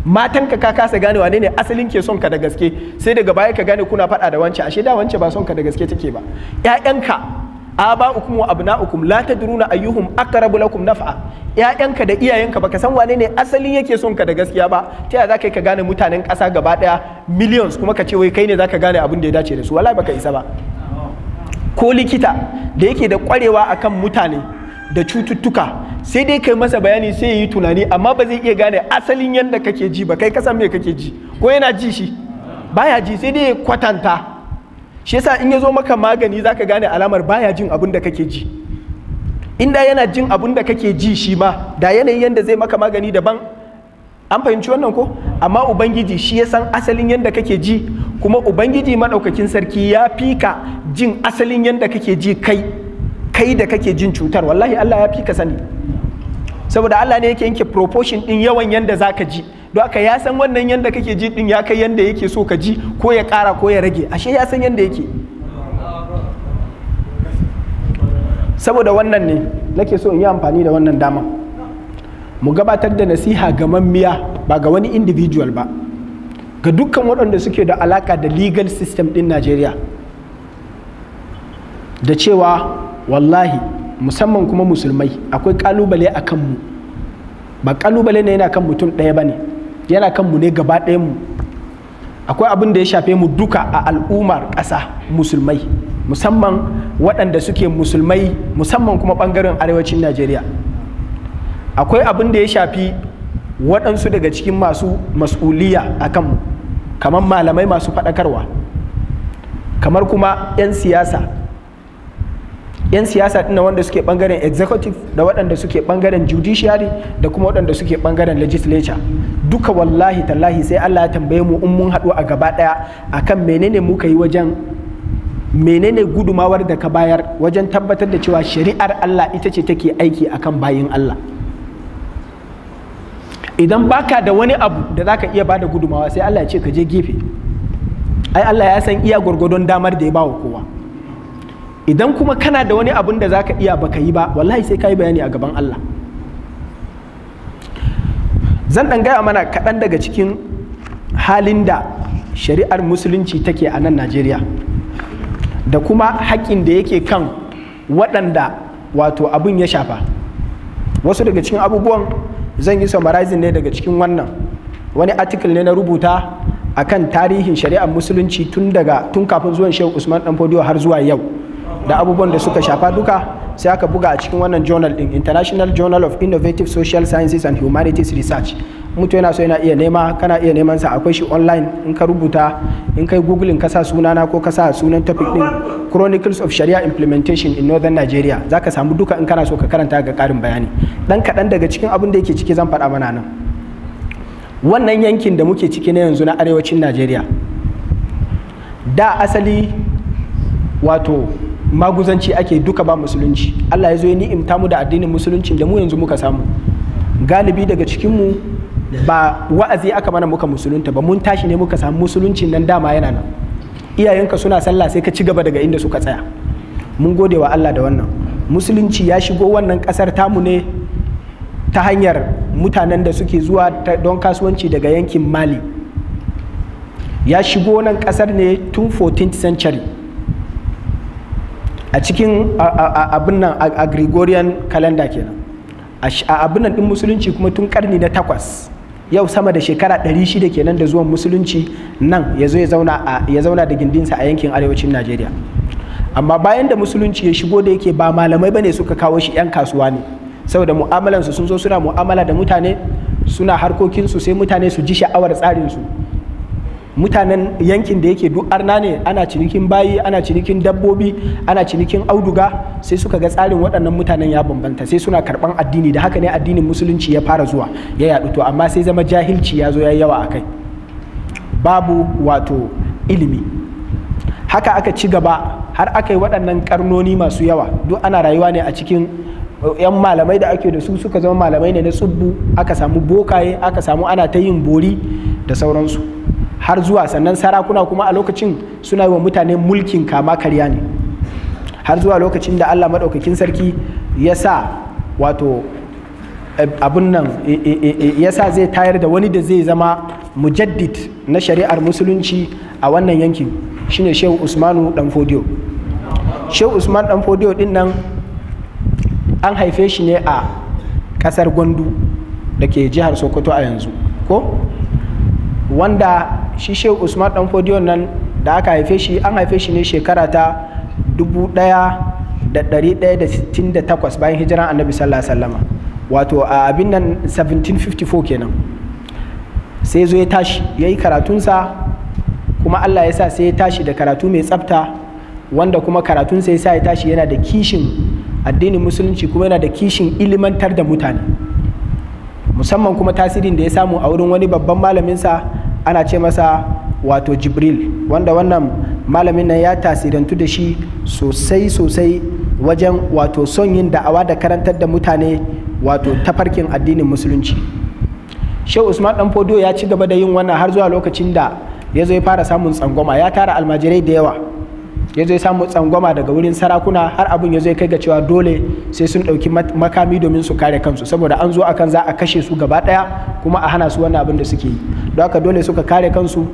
matanka ka kasa gane wane ne asalin ke son ka da gaske sai daga baya ka gane kuna faɗa da wance ashe da wance ba son ka da gaske take ba ƴaƴanka aba'ukum wa abna'ukum la tadruna ayyuhum aqrabu lakum naf'a Ya'yanka da iyayenka baka san wane ne asalin yake son ka da gaskiya ba ta yaya zaka ka gane mutanen ƙasa gaba ɗaya millions kuma ka ce wai kai ne zaka gane abin da ya dace da su wallahi baka isa ba ko likita da yake da kwarewa akan mutane da cututtuka sai dai kai masa bayani sai yi tunani amma ba zai iya gane asalin yadda kake ji ba kai kasan me kake ji ko yana ji shi baya ji sai dai kwatanta shi yasa in ya zo maka magani za ka gane alamar baya jin abin da kake ji inda yana jin abun da kake ji shi ma da yanayin yadda zai maka magani daban an fahimci wannan ko amma ubangiji shi ya san asalin yadda kake ji kuma ubangiji maɗaukakin sarki ya fi ka jin asalin yadda kake ji kai kai da kake jin cutar wallahi allah ya fi ka sani saboda Allah ne yake yanke proportion din yawan yanda zaka ji don haka ya san wannan yanda kake ji din ya kai yanda yake so ka ji ko ya ƙara ko ya rage ashe ya san yanda yake saboda wannan ne nake so in yi amfani da wannan dama mu gabatar da nasiha ga mammiya ba ga wani individual ba ga dukkan waɗanda suke da alaka da legal system din Najeriya da cewa wallahi musamman kuma musulmai akwai kalubale a kanmu ba kalubale ne yana kan mutum ɗaya ba ne yana kan mu ne gaba ɗaya mu akwai abin da ya shafe mu duka a al'ummar ƙasa musulmai musamman waɗanda suke musulmai musamman kuma ɓangaren arewacin najeriya akwai abin da ya shafi waɗansu daga cikin masu mas'uliyya a kanmu kamar malamai masu faɗakarwa kamar kuma 'yan siyasa yan siyasa dinnan wanda suke bangaren executive da waɗanda suke bangaren judiciary da kuma waɗanda suke bangaren legislature duka wallahi tallahi sai Allah ya tambaye mu in mun haɗu a gaba ɗaya akan menene muka yi wajen menene gudumawar da ka bayar wajen tabbatar da cewa shari'ar Allah ita ce take aiki akan bayin Allah idan baka da wani abu da zaka iya bada gudumawa sai Allah ya ce ka je gefe ai Allah ya san iya gwargwadon damar da ya bawa kowa idan kuma kana da wani abin da za ka iya baka yi ba wallahi sai ka yi bayani a gaban Allah zan ɗan gaya mana kaɗan daga cikin halin da shari'ar musulunci take a nan najeriya da kuma haƙƙin da yake kan waɗanda wato abun ya shafa wasu daga cikin abubuwan zan yi summarizing ne daga cikin wannan wani article ne na rubuta akan tarihin shari'ar musulunci tun daga tun kafin zuwan shehu usman dan har zuwa yau da abubuwan da suka shafa duka sai aka buga a cikin wannan journal din international journal of innovative social sciences and humanities research mutu yana so yana iya nema kana iya neman sa akwai shi online in ka rubuta in kai googling ka sa sunana ko ka sa sunan topic din chronicles of sharia implementation in northern nigeria zaka samu duka in kana so ka karanta ga karin bayani dan kaɗan daga cikin abin da yake ciki zan faɗa mana nan wannan yankin da muke ciki na yanzu na arewacin nigeria da asali wato maguzanci ake duka ba musulunci Allah ya zo ya ni'imta mu da addinin musulunci da mu yanzu muka samu galibi daga cikinmu ba wa'azi aka mana muka musulunta ba mun tashi ne muka samu musuluncin nan dama yana nan iyayenka suna sallah sai ka ci gaba daga inda suka tsaya mun gode wa Allah da wannan musulunci ya shigo wannan kasar tamu ne ta hanyar mutanen da suke zuwa don kasuwanci daga yankin mali ya shigo nan kasar ne tun 14th century a cikin abin nan a gregorian calendar kenan a abin nan din musulunci kuma tun karni na takwas yau sama da shekara 600 kenan da zuwan musulunci nan ya zo ya zauna da gindinsa a yankin arewacin najeriya amma bayan da musulunci ya shigo da yake ba malamai bane suka kawo shi 'yan kasuwa ne saboda mu'amalansu sun zo suna mu'amala da mutane suna harkokinsu sai mutane su ji sha'awar tsarinsu mutanen yankin da yake duk arna ne ana cinikin bayi ana cinikin dabbobi ana cinikin auduga sai suka ga tsarin waɗannan mutanen ya bambanta sai suna karɓan addini da haka ne addinin musulunci ya fara zuwa ya yaɗu to amma sai zama jahilci ya zo ya yawa a kai babu wato ilimi haka aka ci gaba har aka yi waɗannan karnoni masu yawa duk ana rayuwa ne a cikin uh, 'yan malamai da ake da su suka zama malamai ne na tsubbu aka samu bokaye aka samu ana ta yin bori da sauransu har zuwa sannan sarakuna kuma a lokacin suna yi wa mutane mulkin kama karya ne har zuwa lokacin da allah maɗaukakin sarki ya sa wato eh, abun nan eh, eh, ya sa zai tayar da wani da zai zama mujaddid na shari'ar musulunci a wannan yankin shine shehu usmanu danfodiyo shehu usman danfodiyo din nan an haife shi ne a ƙasar gwandu da ke jihar sokoto a yanzu ko wanda shi shi usman dan fodiyon nan da aka haife shi an haife shi ne shekara ta 1168 bayan hijiran annabi sallallahu alaihi wasallam wato a abin nan 1754 kenan sai zo ya tashi ya yi karatunsa kuma allah ya sa sai ya tashi da karatu mai tsafta wanda kuma karatunsa ya sa ya tashi yana da kishin addinin musulunci kuma yana da kishin ilimantar da mutane musamman kuma tasirin da ya samu a wurin wani babban malaminsa ana ce masa wato jibril wanda wannan malamin nan ya tasirantu da shi sosai sosai wajen wato son yin da'awa da karantar da mutane wato tafarkin addinin musulunci shehu usman dan fodo ya ci gaba da yin wannan har zuwa lokacin da ya zo ya fara samun tsangwama ya tara almajirai da yawa ya zo ya samu tsangwama daga wurin sarakuna har abin ya zo kai ga cewa dole sai sun ɗauki makami domin su kare kansu saboda an zo akan za a kashe su gaba ɗaya kuma a hana su wannan abin da suke yi don haka dole suka kare kansu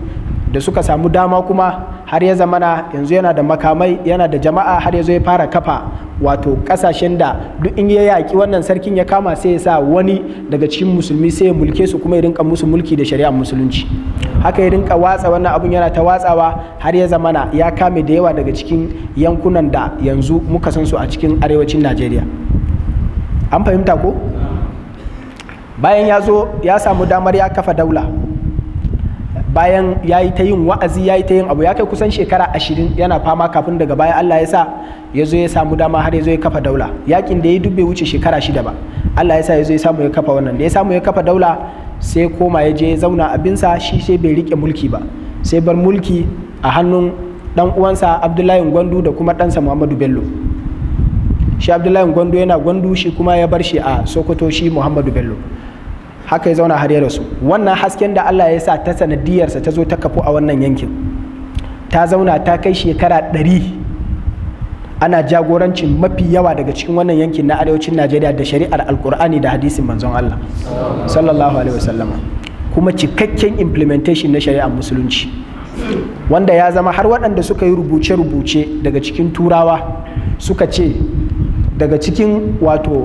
da suka samu dama kuma har ya zamana yanzu yana da makamai yana da jama'a har ya zo ya fara kafa wato kasashen da duk in ya yaƙi wannan sarkin ya kama sai ya sa wani daga cikin musulmi sai ya mulke su kuma ya rinka musu mulki da shari'ar musulunci haka ya rinka watsa wannan abun yana ta watsawa har ya zamana ya kame da yawa daga cikin yankunan da yanzu muka san su a cikin arewacin najeriya an fahimta ko bayan ya zo ya samu damar ya kafa daula bayan ya yi ta yin wa'azi ya yi ta yin abu ya kai kusan shekara ashirin yana fama kafin daga baya Allah ya sa ya zo ya samu dama har ya zo ya kafa daula yakin da ya dubbe wuce shekara shida ba Allah ya sa ya zo ya samu ya kafa wannan da ya samu ya kafa daula sai koma ya je zauna abinsa shi sai bai rike mulki ba sai bar mulki a hannun dan uwansa abdullahi gwandu da kuma ɗansa muhammadu bello shi abdullahi gwandu yana gwandu shi kuma ya bar shi a sokoto shi muhammadu bello haka ya zauna har ya rasu wannan hasken da allah ya sa ta sanadiyarsa ta zo ta kafu a wannan yankin ta zauna ta kai shekara ɗari ana jagorancin mafi yawa daga cikin wannan yankin na arewacin najeriya da shari'ar alkur'ani da hadisin manzon allah sallallahu alaihi wasallam kuma cikakken implementation na shari'ar musulunci wanda ya zama har waɗanda suka yi rubuce-rubuce daga cikin turawa suka ce daga cikin wato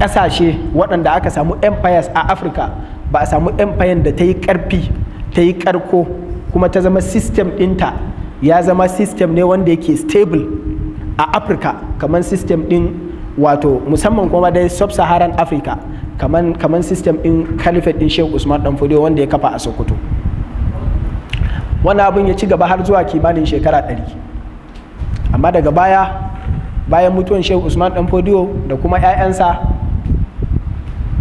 ƙasashe waɗanda aka samu empires a afirka ba a samu empire da ta yi ƙarfi ta yi ƙarko kuma ta zama system ɗinta ya zama system ne wanda yake stable a afirka kamar system din wato musamman kuma dai sub-saharan afirka kamar kaman system din caliphate din shehu usman dan fodiyo wanda ya kafa a sokoto Wani abin ya ci gaba har zuwa kimanin shekara 100 amma daga baya bayan mutuwan shehu usman dan fodiyo da kuma 'ya'yansa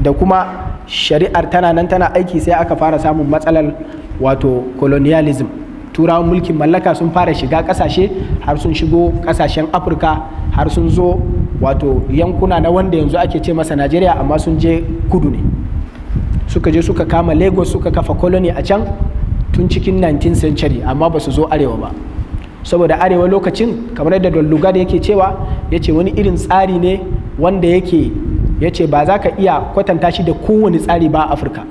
da kuma shari'ar tana nan tana aiki sai aka fara samun matsalar wato colonialism turawan mulkin mallaka sun fara shiga kasashe har sun shigo kasashen afirka har sun zo wato yankuna na wanda yanzu ake ce masa najeriya amma sun je kudu ne suka je suka kama lagos suka kafa colony a can tun cikin 19th century amma ba su zo arewa ba saboda arewa lokacin kamar yadda don lugard yake cewa ya ce wani irin tsari ne wanda yake ya ce ba za ka iya kwatanta shi da kowane tsari ba a afirka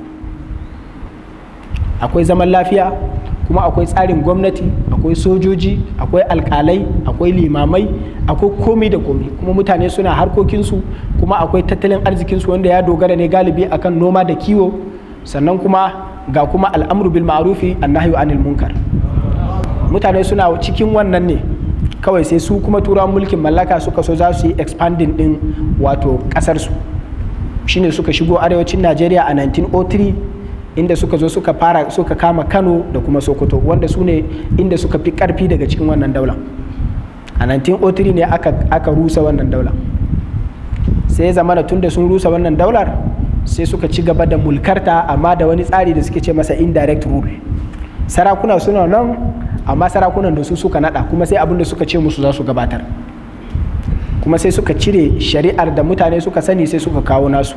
akwai zaman lafiya kuma akwai tsarin gwamnati akwai sojoji akwai alkalai akwai limamai akwai komi da komi kuma mutane suna harkokinsu kuma akwai tattalin arzikinsu wanda ya dogara ne galibi akan noma da kiwo sannan kuma ga kuma al'amru bil ma'rufi annahyu anil munkar mutane suna cikin wannan ne kawai sai su kuma turawan mulkin mallaka suka so za su yi expanding din wato kasarsu shine suka shigo arewacin najeriya a 1903 inda suka zo suka fara suka kama kano da kuma sokoto wanda su ne inda suka fi karfi daga cikin wannan daula a 1903 ne aka, aka rusa wannan daula sai zamana tun da sun rusa wannan daular sai suka ci gaba da mulkarta amma da wani tsari da suke ce masa indirect rule sarakuna suna nan amma sarakunan da su suka nada kuma sai abin da suka ce musu za su gabatar kuma sai suka cire shari'ar da mutane suka sani sai suka kawo nasu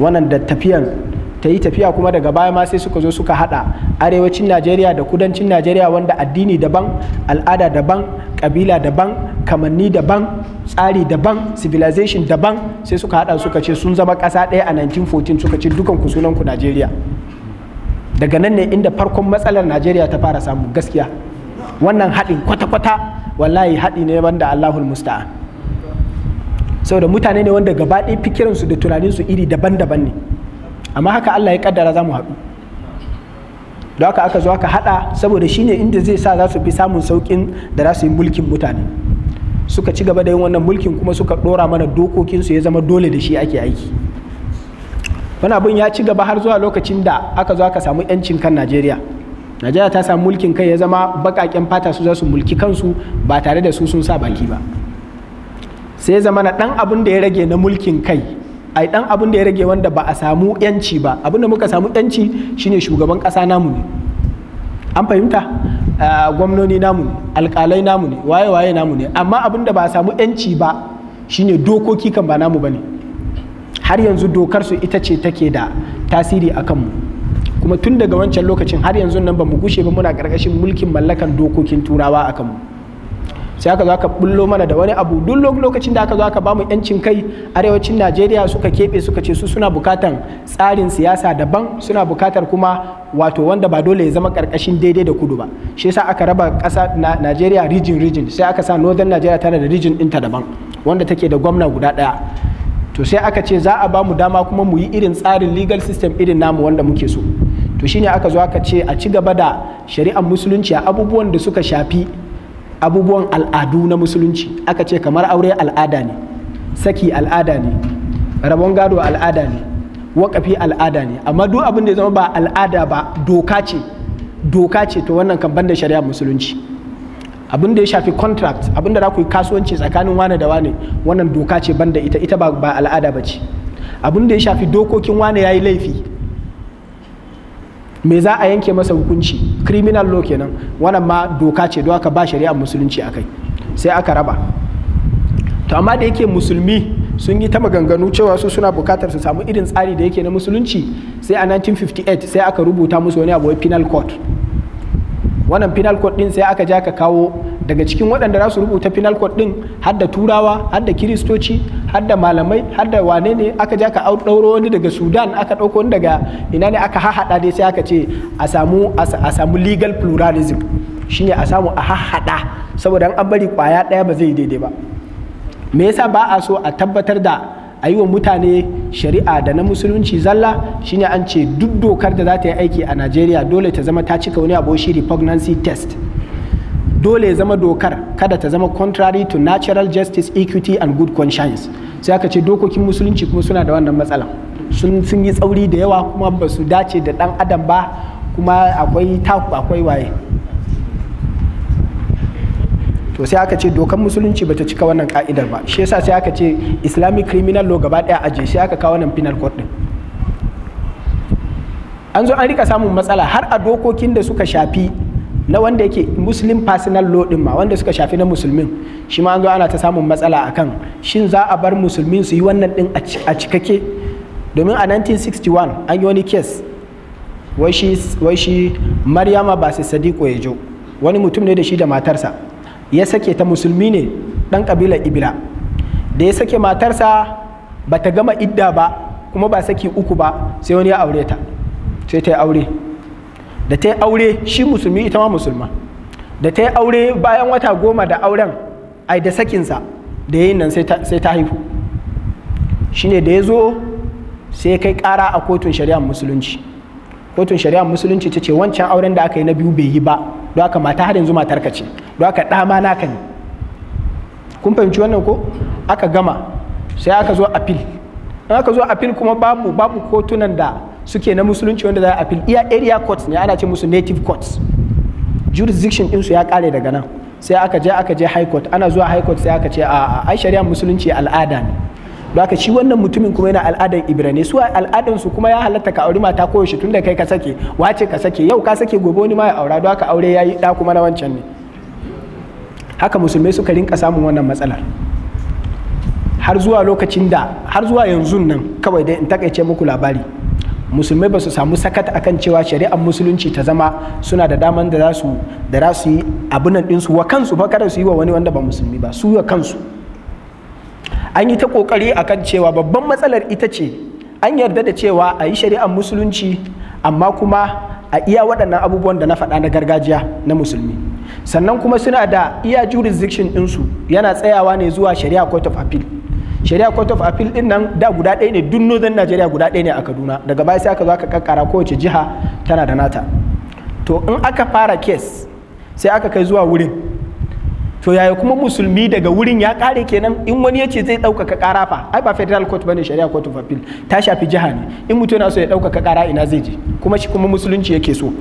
wannan da tafiyan ta yi tafiya kuma daga baya ma sai suka zo suka hada arewacin najeriya da kudancin najeriya wanda addini daban al'ada daban kabila daban kamanni daban tsari daban civilization daban sai suka hada suka ce sun zama kasa ɗaya a 1914 suka ce dukan ku sunan ku najeriya daga nan ne inda farkon matsalar najeriya ta fara samu gaskiya wannan haɗin kwata-kwata wallahi haɗi ne wanda allahul Sau saboda mutane ne wanda gaba ɗaya fikiransu da tunaninsu iri daban-daban ne amma haka Allah ya kaddara za mu haɗu da haka aka zo aka haɗa saboda shine inda zai sa za su fi samun saukin da za su yi mulkin mutane suka ci gaba da yin wannan mulkin kuma suka ɗora mana dokokinsu ya zama dole da shi ake aiki wani abun ya ci gaba har zuwa lokacin da aka zo aka samu 'yancin kan najeriya najeriya ta samu mulkin kai ya zama baƙaƙen fata su za su mulki kansu ba tare da su sun sa baki ba sai zama na ɗan abun da ya rage na mulkin kai yi dan abin da ya rage wanda ba a samu yanci ba abin da muka samu yanci shine shugaban kasa namu ne an fahimta ah, gwamnoni namu ne alkalai namu ne waye waye namu ne amma abin da ba a samu yanci ba shine dokoki kan ba namu bane har yanzu dokar su ita ce take da tasiri a kanmu kuma tun daga wancan lokacin har yanzu nan ba mu gushe ba muna ƙarƙashin mulkin mallakan dokokin turawa a kanmu sai aka zo aka bullo mana da wani abu duk lokacin da aka zo aka bamu yancin kai arewacin najeriya suka keɓe suka ce su suna bukatan tsarin siyasa daban suna bukatar kuma wato wanda ba dole ya zama karkashin daidai da kudu ba shi yasa aka raba ƙasa najeriya region region sai aka sa northern najeriya tana da region ɗinta daban wanda take da gwamna guda ɗaya to sai aka ce za a bamu dama kuma mu yi irin tsarin legal system irin namu wanda muke so to shine aka zo aka ce a ci gaba da shari'ar musulunci a abubuwan da suka shafi abubuwan al'adu na musulunci aka ce kamar aure al'ada ne saki al'ada ne rabon gado al'ada ne wakafi al'ada ne amma duk abin da ya zama ba al'ada ba doka ce doka ce to wannan kan banda shari'a musulunci abin da ya shafi contract abin da za ku yi kasuwanci tsakanin wane da wane wannan doka ce banda ita ita ba al'ada ba ce abin da ya shafi dokokin wane ya yi laifi me za a yanke masa hukunci criminal law kenan wannan ma doka ce don aka ba shari'ar musulunci a kai sai aka raba to amma da yake musulmi sun yi ta maganganu cewa su suna bukatar su samu irin tsari da yake na musulunci sai a 1958 sai aka rubuta musu wani abu penal court wannan penal court din sai aka ja ka kawo daga cikin waɗanda za su rubuta final code ɗin har da turawa har da kiristoci har da malamai har da wane ne aka ja ka ɗauro wani daga sudan aka ɗauko wani daga ina ne aka hahaɗa dai sai aka ce a samu a samu legal pluralism shine a samu a hahaɗa saboda an bari kwaya ɗaya ba zai daidai ba me yasa ba a so a tabbatar da a yi wa mutane shari'a da na musulunci zalla shine an ce duk dokar da za ta yi aiki a najeriya dole ta zama ta cika wani abu shi repugnancy test dole ya zama dokar kada ta zama contrary to natural justice equity and good conscience sai aka ce dokokin musulunci kuma suna da wannan matsalan sun sun yi tsauri da yawa kuma ba su dace da dan adam ba kuma akwai taku akwai waye to sai aka ce dokan musulunci bata cika wannan ka'idar ba shi yasa sai aka ce islamic criminal law gaba daya aje sai aka kawo wannan penal code din an zo an rika samun matsala har a dokokin da suka shafi na wanda yake muslim personal law din ma wanda suka shafi na musulmin shi ma an zo ana ta samun matsala akan shin za a bar musulmin su yi wannan din a cikake domin a 1961 an yi wani kes wai shi maryama ba su ya jo wani mutum ne da shi da matarsa ya sake ta musulmi ne dan kabilar ibila da ya sake matarsa ba ta gama idda ba kuma ba saki uku ba sai wani ya aure ta sai ta yi aure da ta yi aure shi musulmi ita ma musulma da ta yi aure bayan wata goma da auren ai da sakinsa da yayin nan sai ta haihu ne da ya zo sai kai kara a kotun shari'ar musulunci kotun shari'ar musulunci ta ce wancan auren da aka yi na biyu bai yi ba don haka mata har yanzu matar ka ce don haka ɗa ma naka ne kun fahimci wannan ko aka gama sai aka zo apil in aka zo apil kuma babu babu kotunan da suke na musulunci wanda za a appeal iya area courts ne ana ce musu native courts jurisdiction su ya kare daga nan sai aka je aka je high court ana zuwa high court sai aka ce a ai shari'a musulunci al'ada ne don haka shi wannan mutumin kuma yana al'adan ibrane su al'adan su kuma ya halatta ka auri mata koyaushe tunda kai ka sake wace ka sake yau ka sake gobe wani ma ya aura don haka aure yayi da kuma na wancan ne haka musulmai suka rinka samun wannan matsalar har zuwa lokacin da har zuwa yanzu nan kawai dai in takaice muku labari musulmai ba su samu sakat akan cewa shari'ar musulunci ta zama suna da daman da za su da za su yi abunan ɗinsu wa kansu ba kada su yi wa wani wanda ba musulmi ba su wa kansu an yi ta kokari akan cewa babban matsalar ita ce an yarda da cewa a yi shari'ar musulunci amma kuma a iya waɗannan abubuwan da na faɗa na gargajiya na musulmi sannan kuma suna da iya jurisdiction ɗinsu yana tsayawa ne zuwa shari'a court of appeal shari'a court of appeal din nan da guda ɗaya ne duk northern najeriya guda ɗaya ne a kaduna daga baya sai aka zo aka kakkara kowace jiha tana da nata to in aka fara kes sai aka kai zuwa wurin to yaya kuma musulmi daga wurin ya kare kenan in wani ya ce zai ɗaukaka kara fa ai ba federal court bane shari'a court of appeal ta shafi jiha ne in mutum yana so ya ɗaukaka ƙara ina zai je kuma shi kuma musulunci yake so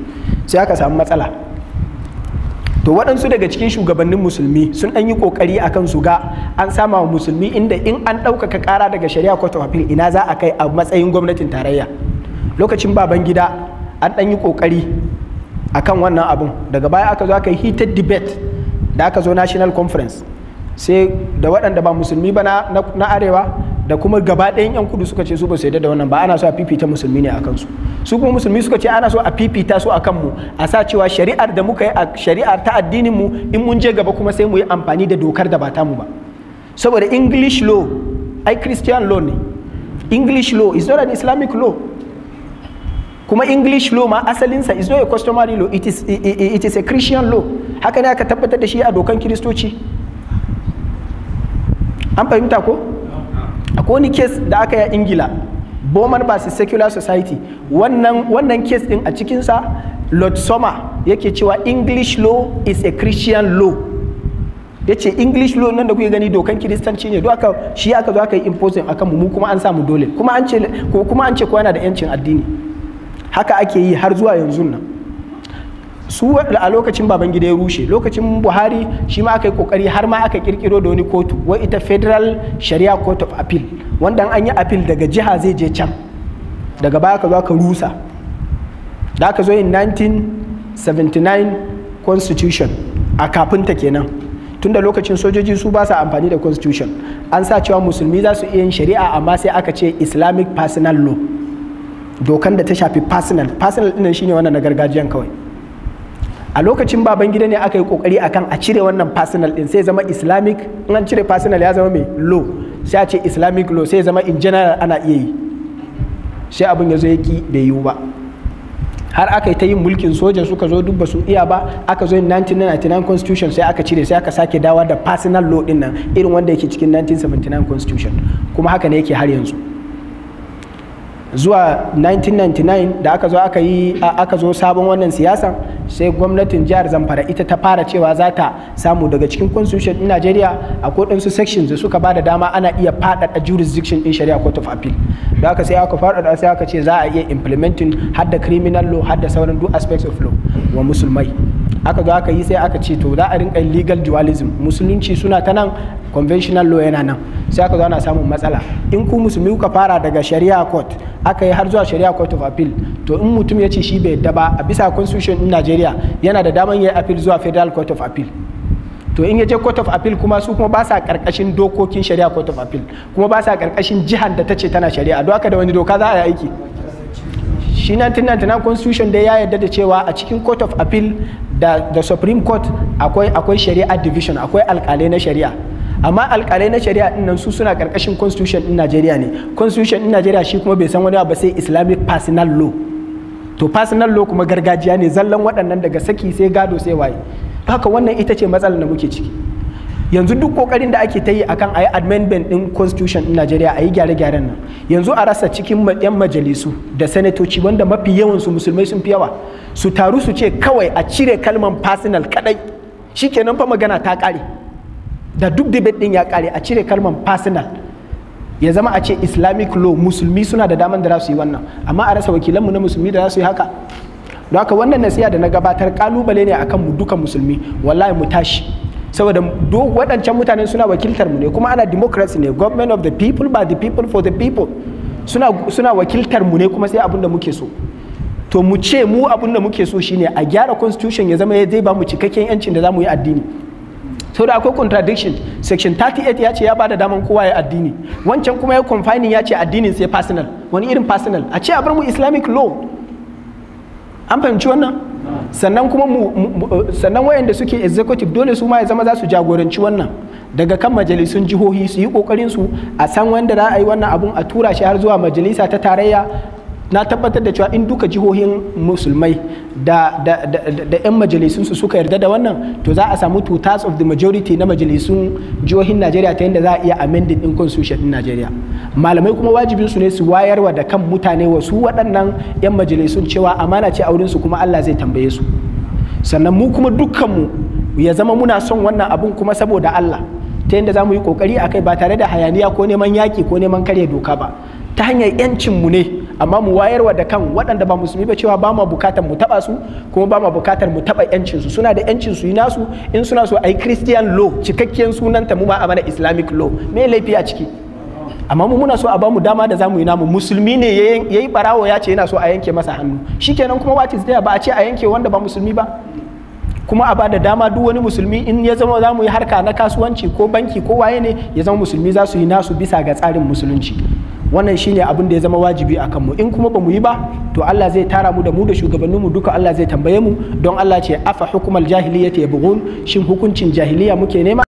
sai aka samu matsala to waɗansu daga cikin shugabannin musulmi sun ɗan yi ƙoƙari a kan su ga an sama wa musulmi inda in an ɗaukaka ƙara daga shari'a court of ina za a kai a matsayin gwamnatin tarayya lokacin baban gida an ɗan yi ƙoƙari a kan wannan abun daga baya aka zo aka yi heated debate da aka zo national conference sai da waɗanda ba musulmi ba na arewa da kuma gaba ɗayan yan kudu suka ce su ba su yadda da wannan ba ana so a fifita musulmi ne a su su kuma musulmi suka ce ana so a fifita su akan mu a sa cewa shari'ar da muka yi a shari'ar ta addinin mu in mun je gaba kuma sai mu yi amfani da dokar da ba ta mu ba saboda english law ai christian law ne english law is not an islamic law kuma english law ma asalinsa is not a customary law it is, it is a christian law haka ne aka tabbatar da shi a dokan kiristoci an fahimta ko akwai wani kes da aka yi a ingila Bowman versus Secular Society wannan kes case din a cikinsa Lord summer yake cewa English law is a Christian law ya ce English law nan da kuke gani dokan kiristanci ne aka shi aka zo aka yi imposing akan mu kuma an samu dole kuma an ce ko kuma an ce ko yana da yancin addini haka ake yi har zuwa yanzu nan su a lokacin baban gida ya rushe lokacin buhari shi ma aka yi kokari har ma aka kirkiro da wani kotu wai ita federal sharia court of appeal wanda an yi appeal daga jiha zai je can daga baya ka zo ka rusa da aka zo in 1979 constitution a kafin ta kenan tunda lokacin sojoji su ba sa amfani da constitution an sa cewa musulmi za su iya yin shari'a amma sai aka ce islamic personal law dokan da ta shafi personal personal ɗin shine wannan na gargajiyan kawai a lokacin baban gida ne aka yi kokari akan a cire wannan personal din sai zama islamic in an cire personal ya zama mai law sai a ce islamic law sai zama in general ana iya yi sai abin ya zo ya ki bai yiwu ba har aka yi ta yin mulkin soja suka zo duk ba su iya ba aka zo yin 1999 constitution sai aka cire sai aka sake dawa da personal law din nan irin wanda yake cikin 1979 constitution kuma haka ne yake har yanzu zuwa 1999 da aka zo aka yi aka zo sabon wannan siyasan sai gwamnatin jihar zamfara ita ta fara cewa za ta samu daga cikin constitution din najeriya a kodinsu sections da suka bada dama ana iya faɗaɗa jurisdiction din shari'a court of appeal da aka sai aka faɗaɗa sai aka ce za a iya implementing har criminal law har sauran duk aspects of law wa musulmai aka zo aka yi sai aka ce to za a rinka legal dualism musulunci suna ta nan conventional law yana nan sai aka zo ana samun matsala in ku musulmi kuka fara daga shari'a court aka yi har zuwa shari'a court of appeal to in mutum ya ce shi bai yadda ba a bisa constitution in Najeriya yana da daman ya appeal zuwa federal court of appeal to in ya je court of appeal kuma su kuma ba sa karkashin dokokin shari'a court of appeal kuma ba sa karkashin jihar da ta ce tana shari'a don haka da wani doka za a yi aiki shi 1999 constitution dai ya yarda da cewa a cikin court of appeal da, the supreme court akwai akwai shari'a division akwai alkalai na shari'a amma alkalai na shari'a din nan su suna karkashin constitution din Najeriya ne constitution din Najeriya shi kuma bai san wani ba sai islamic personal law to personal law kuma gargajiya ne zallan waɗannan daga saki sai gado sai waye haka wannan ita ce matsalar da muke ciki yanzu duk kokarin da ake ta yi akan ayi amendment din constitution din Najeriya ayi gyare-gyaren nan yanzu a rasa cikin yan majalisu da sanatoci wanda mafi yawan su musulmai sun fi yawa su taru su ce kawai a cire kalman personal kadai shikenan fa magana ta kare da duk debate din ya kare a cire kalman personal ya zama a ce islamic law musulmi suna da daman da za su yi wannan amma a rasa wakilan mu na musulmi da za su yi haka don haka wannan nasiha da na gabatar kalubale ne akan mu duka musulmi wallahi mu tashi saboda waɗancan mutane suna wakiltar mu ne kuma ana democracy ne government of the people by the people for the people suna wakiltar mu ne kuma sai abin da muke so to mu ce mu abin da muke so shine a gyara constitution ya zama ya zai ba mu cikakken yancin da za mu yi addini saboda akwai contradiction section 38 ya ce ya bada daman kowa ya addini wancan kuma ya confining ya ce addinin sai personal wani irin personal a ce a bar mu islamic law an fahimci wannan sannan kuma eh, sannan wayanda suke executive dole su ma ya zama za su jagoranci wannan daga kan majalisun jihohi su yi kokarin su a san wanda za a yi wannan abun a tura shi har zuwa majalisa ta tarayya na tabbatar da cewa in duka jihohin musulmai da da 'yan majalisunsu suka yarda da wannan to za a samu two of the majority na majalisun jihohin najeriya ta yadda za a iya amending din constitution din najeriya malamai kuma wajibin su ne su wayarwa da kan mutane wasu waɗannan 'yan majalisun cewa amana ce a wurin su kuma Allah zai tambaye su sannan mu kuma dukkanmu ya zama muna son wannan abun kuma saboda Allah ta yadda za mu yi kokari a kai ba tare da hayaniya ko neman yaƙi ko neman karya doka ba ta hanyar yancin mu ne amma mu wayarwa da kan waɗanda ba musulmi ba cewa ba mu bukatar mu taɓa su kuma ba mu bukatar mu taɓa yancin su suna da yancin su yi nasu in suna so a yi christian law cikakken sunanta mu ba a mana islamic law me laifi a ciki amma mu muna so a bamu dama da zamu yi namu musulmi ne yayi barawo ya ce yana so a yanke masa hannu shikenan kuma what is ba a ce a yanke wanda ba musulmi ba kuma a ba da dama duk wani musulmi in ya zama za mu yi harka na kasuwanci ko banki ko waye ne ya zama musulmi za su yi nasu bisa ga tsarin musulunci wannan shine abin da ya zama wajibi a kanmu in kuma ba mu yi ba to Allah zai tara mu da mu da shugabanninmu duka Allah zai tambaye mu don Allah ce afa hukumal jahiliya ta yabghun shin hukuncin jahiliya muke nema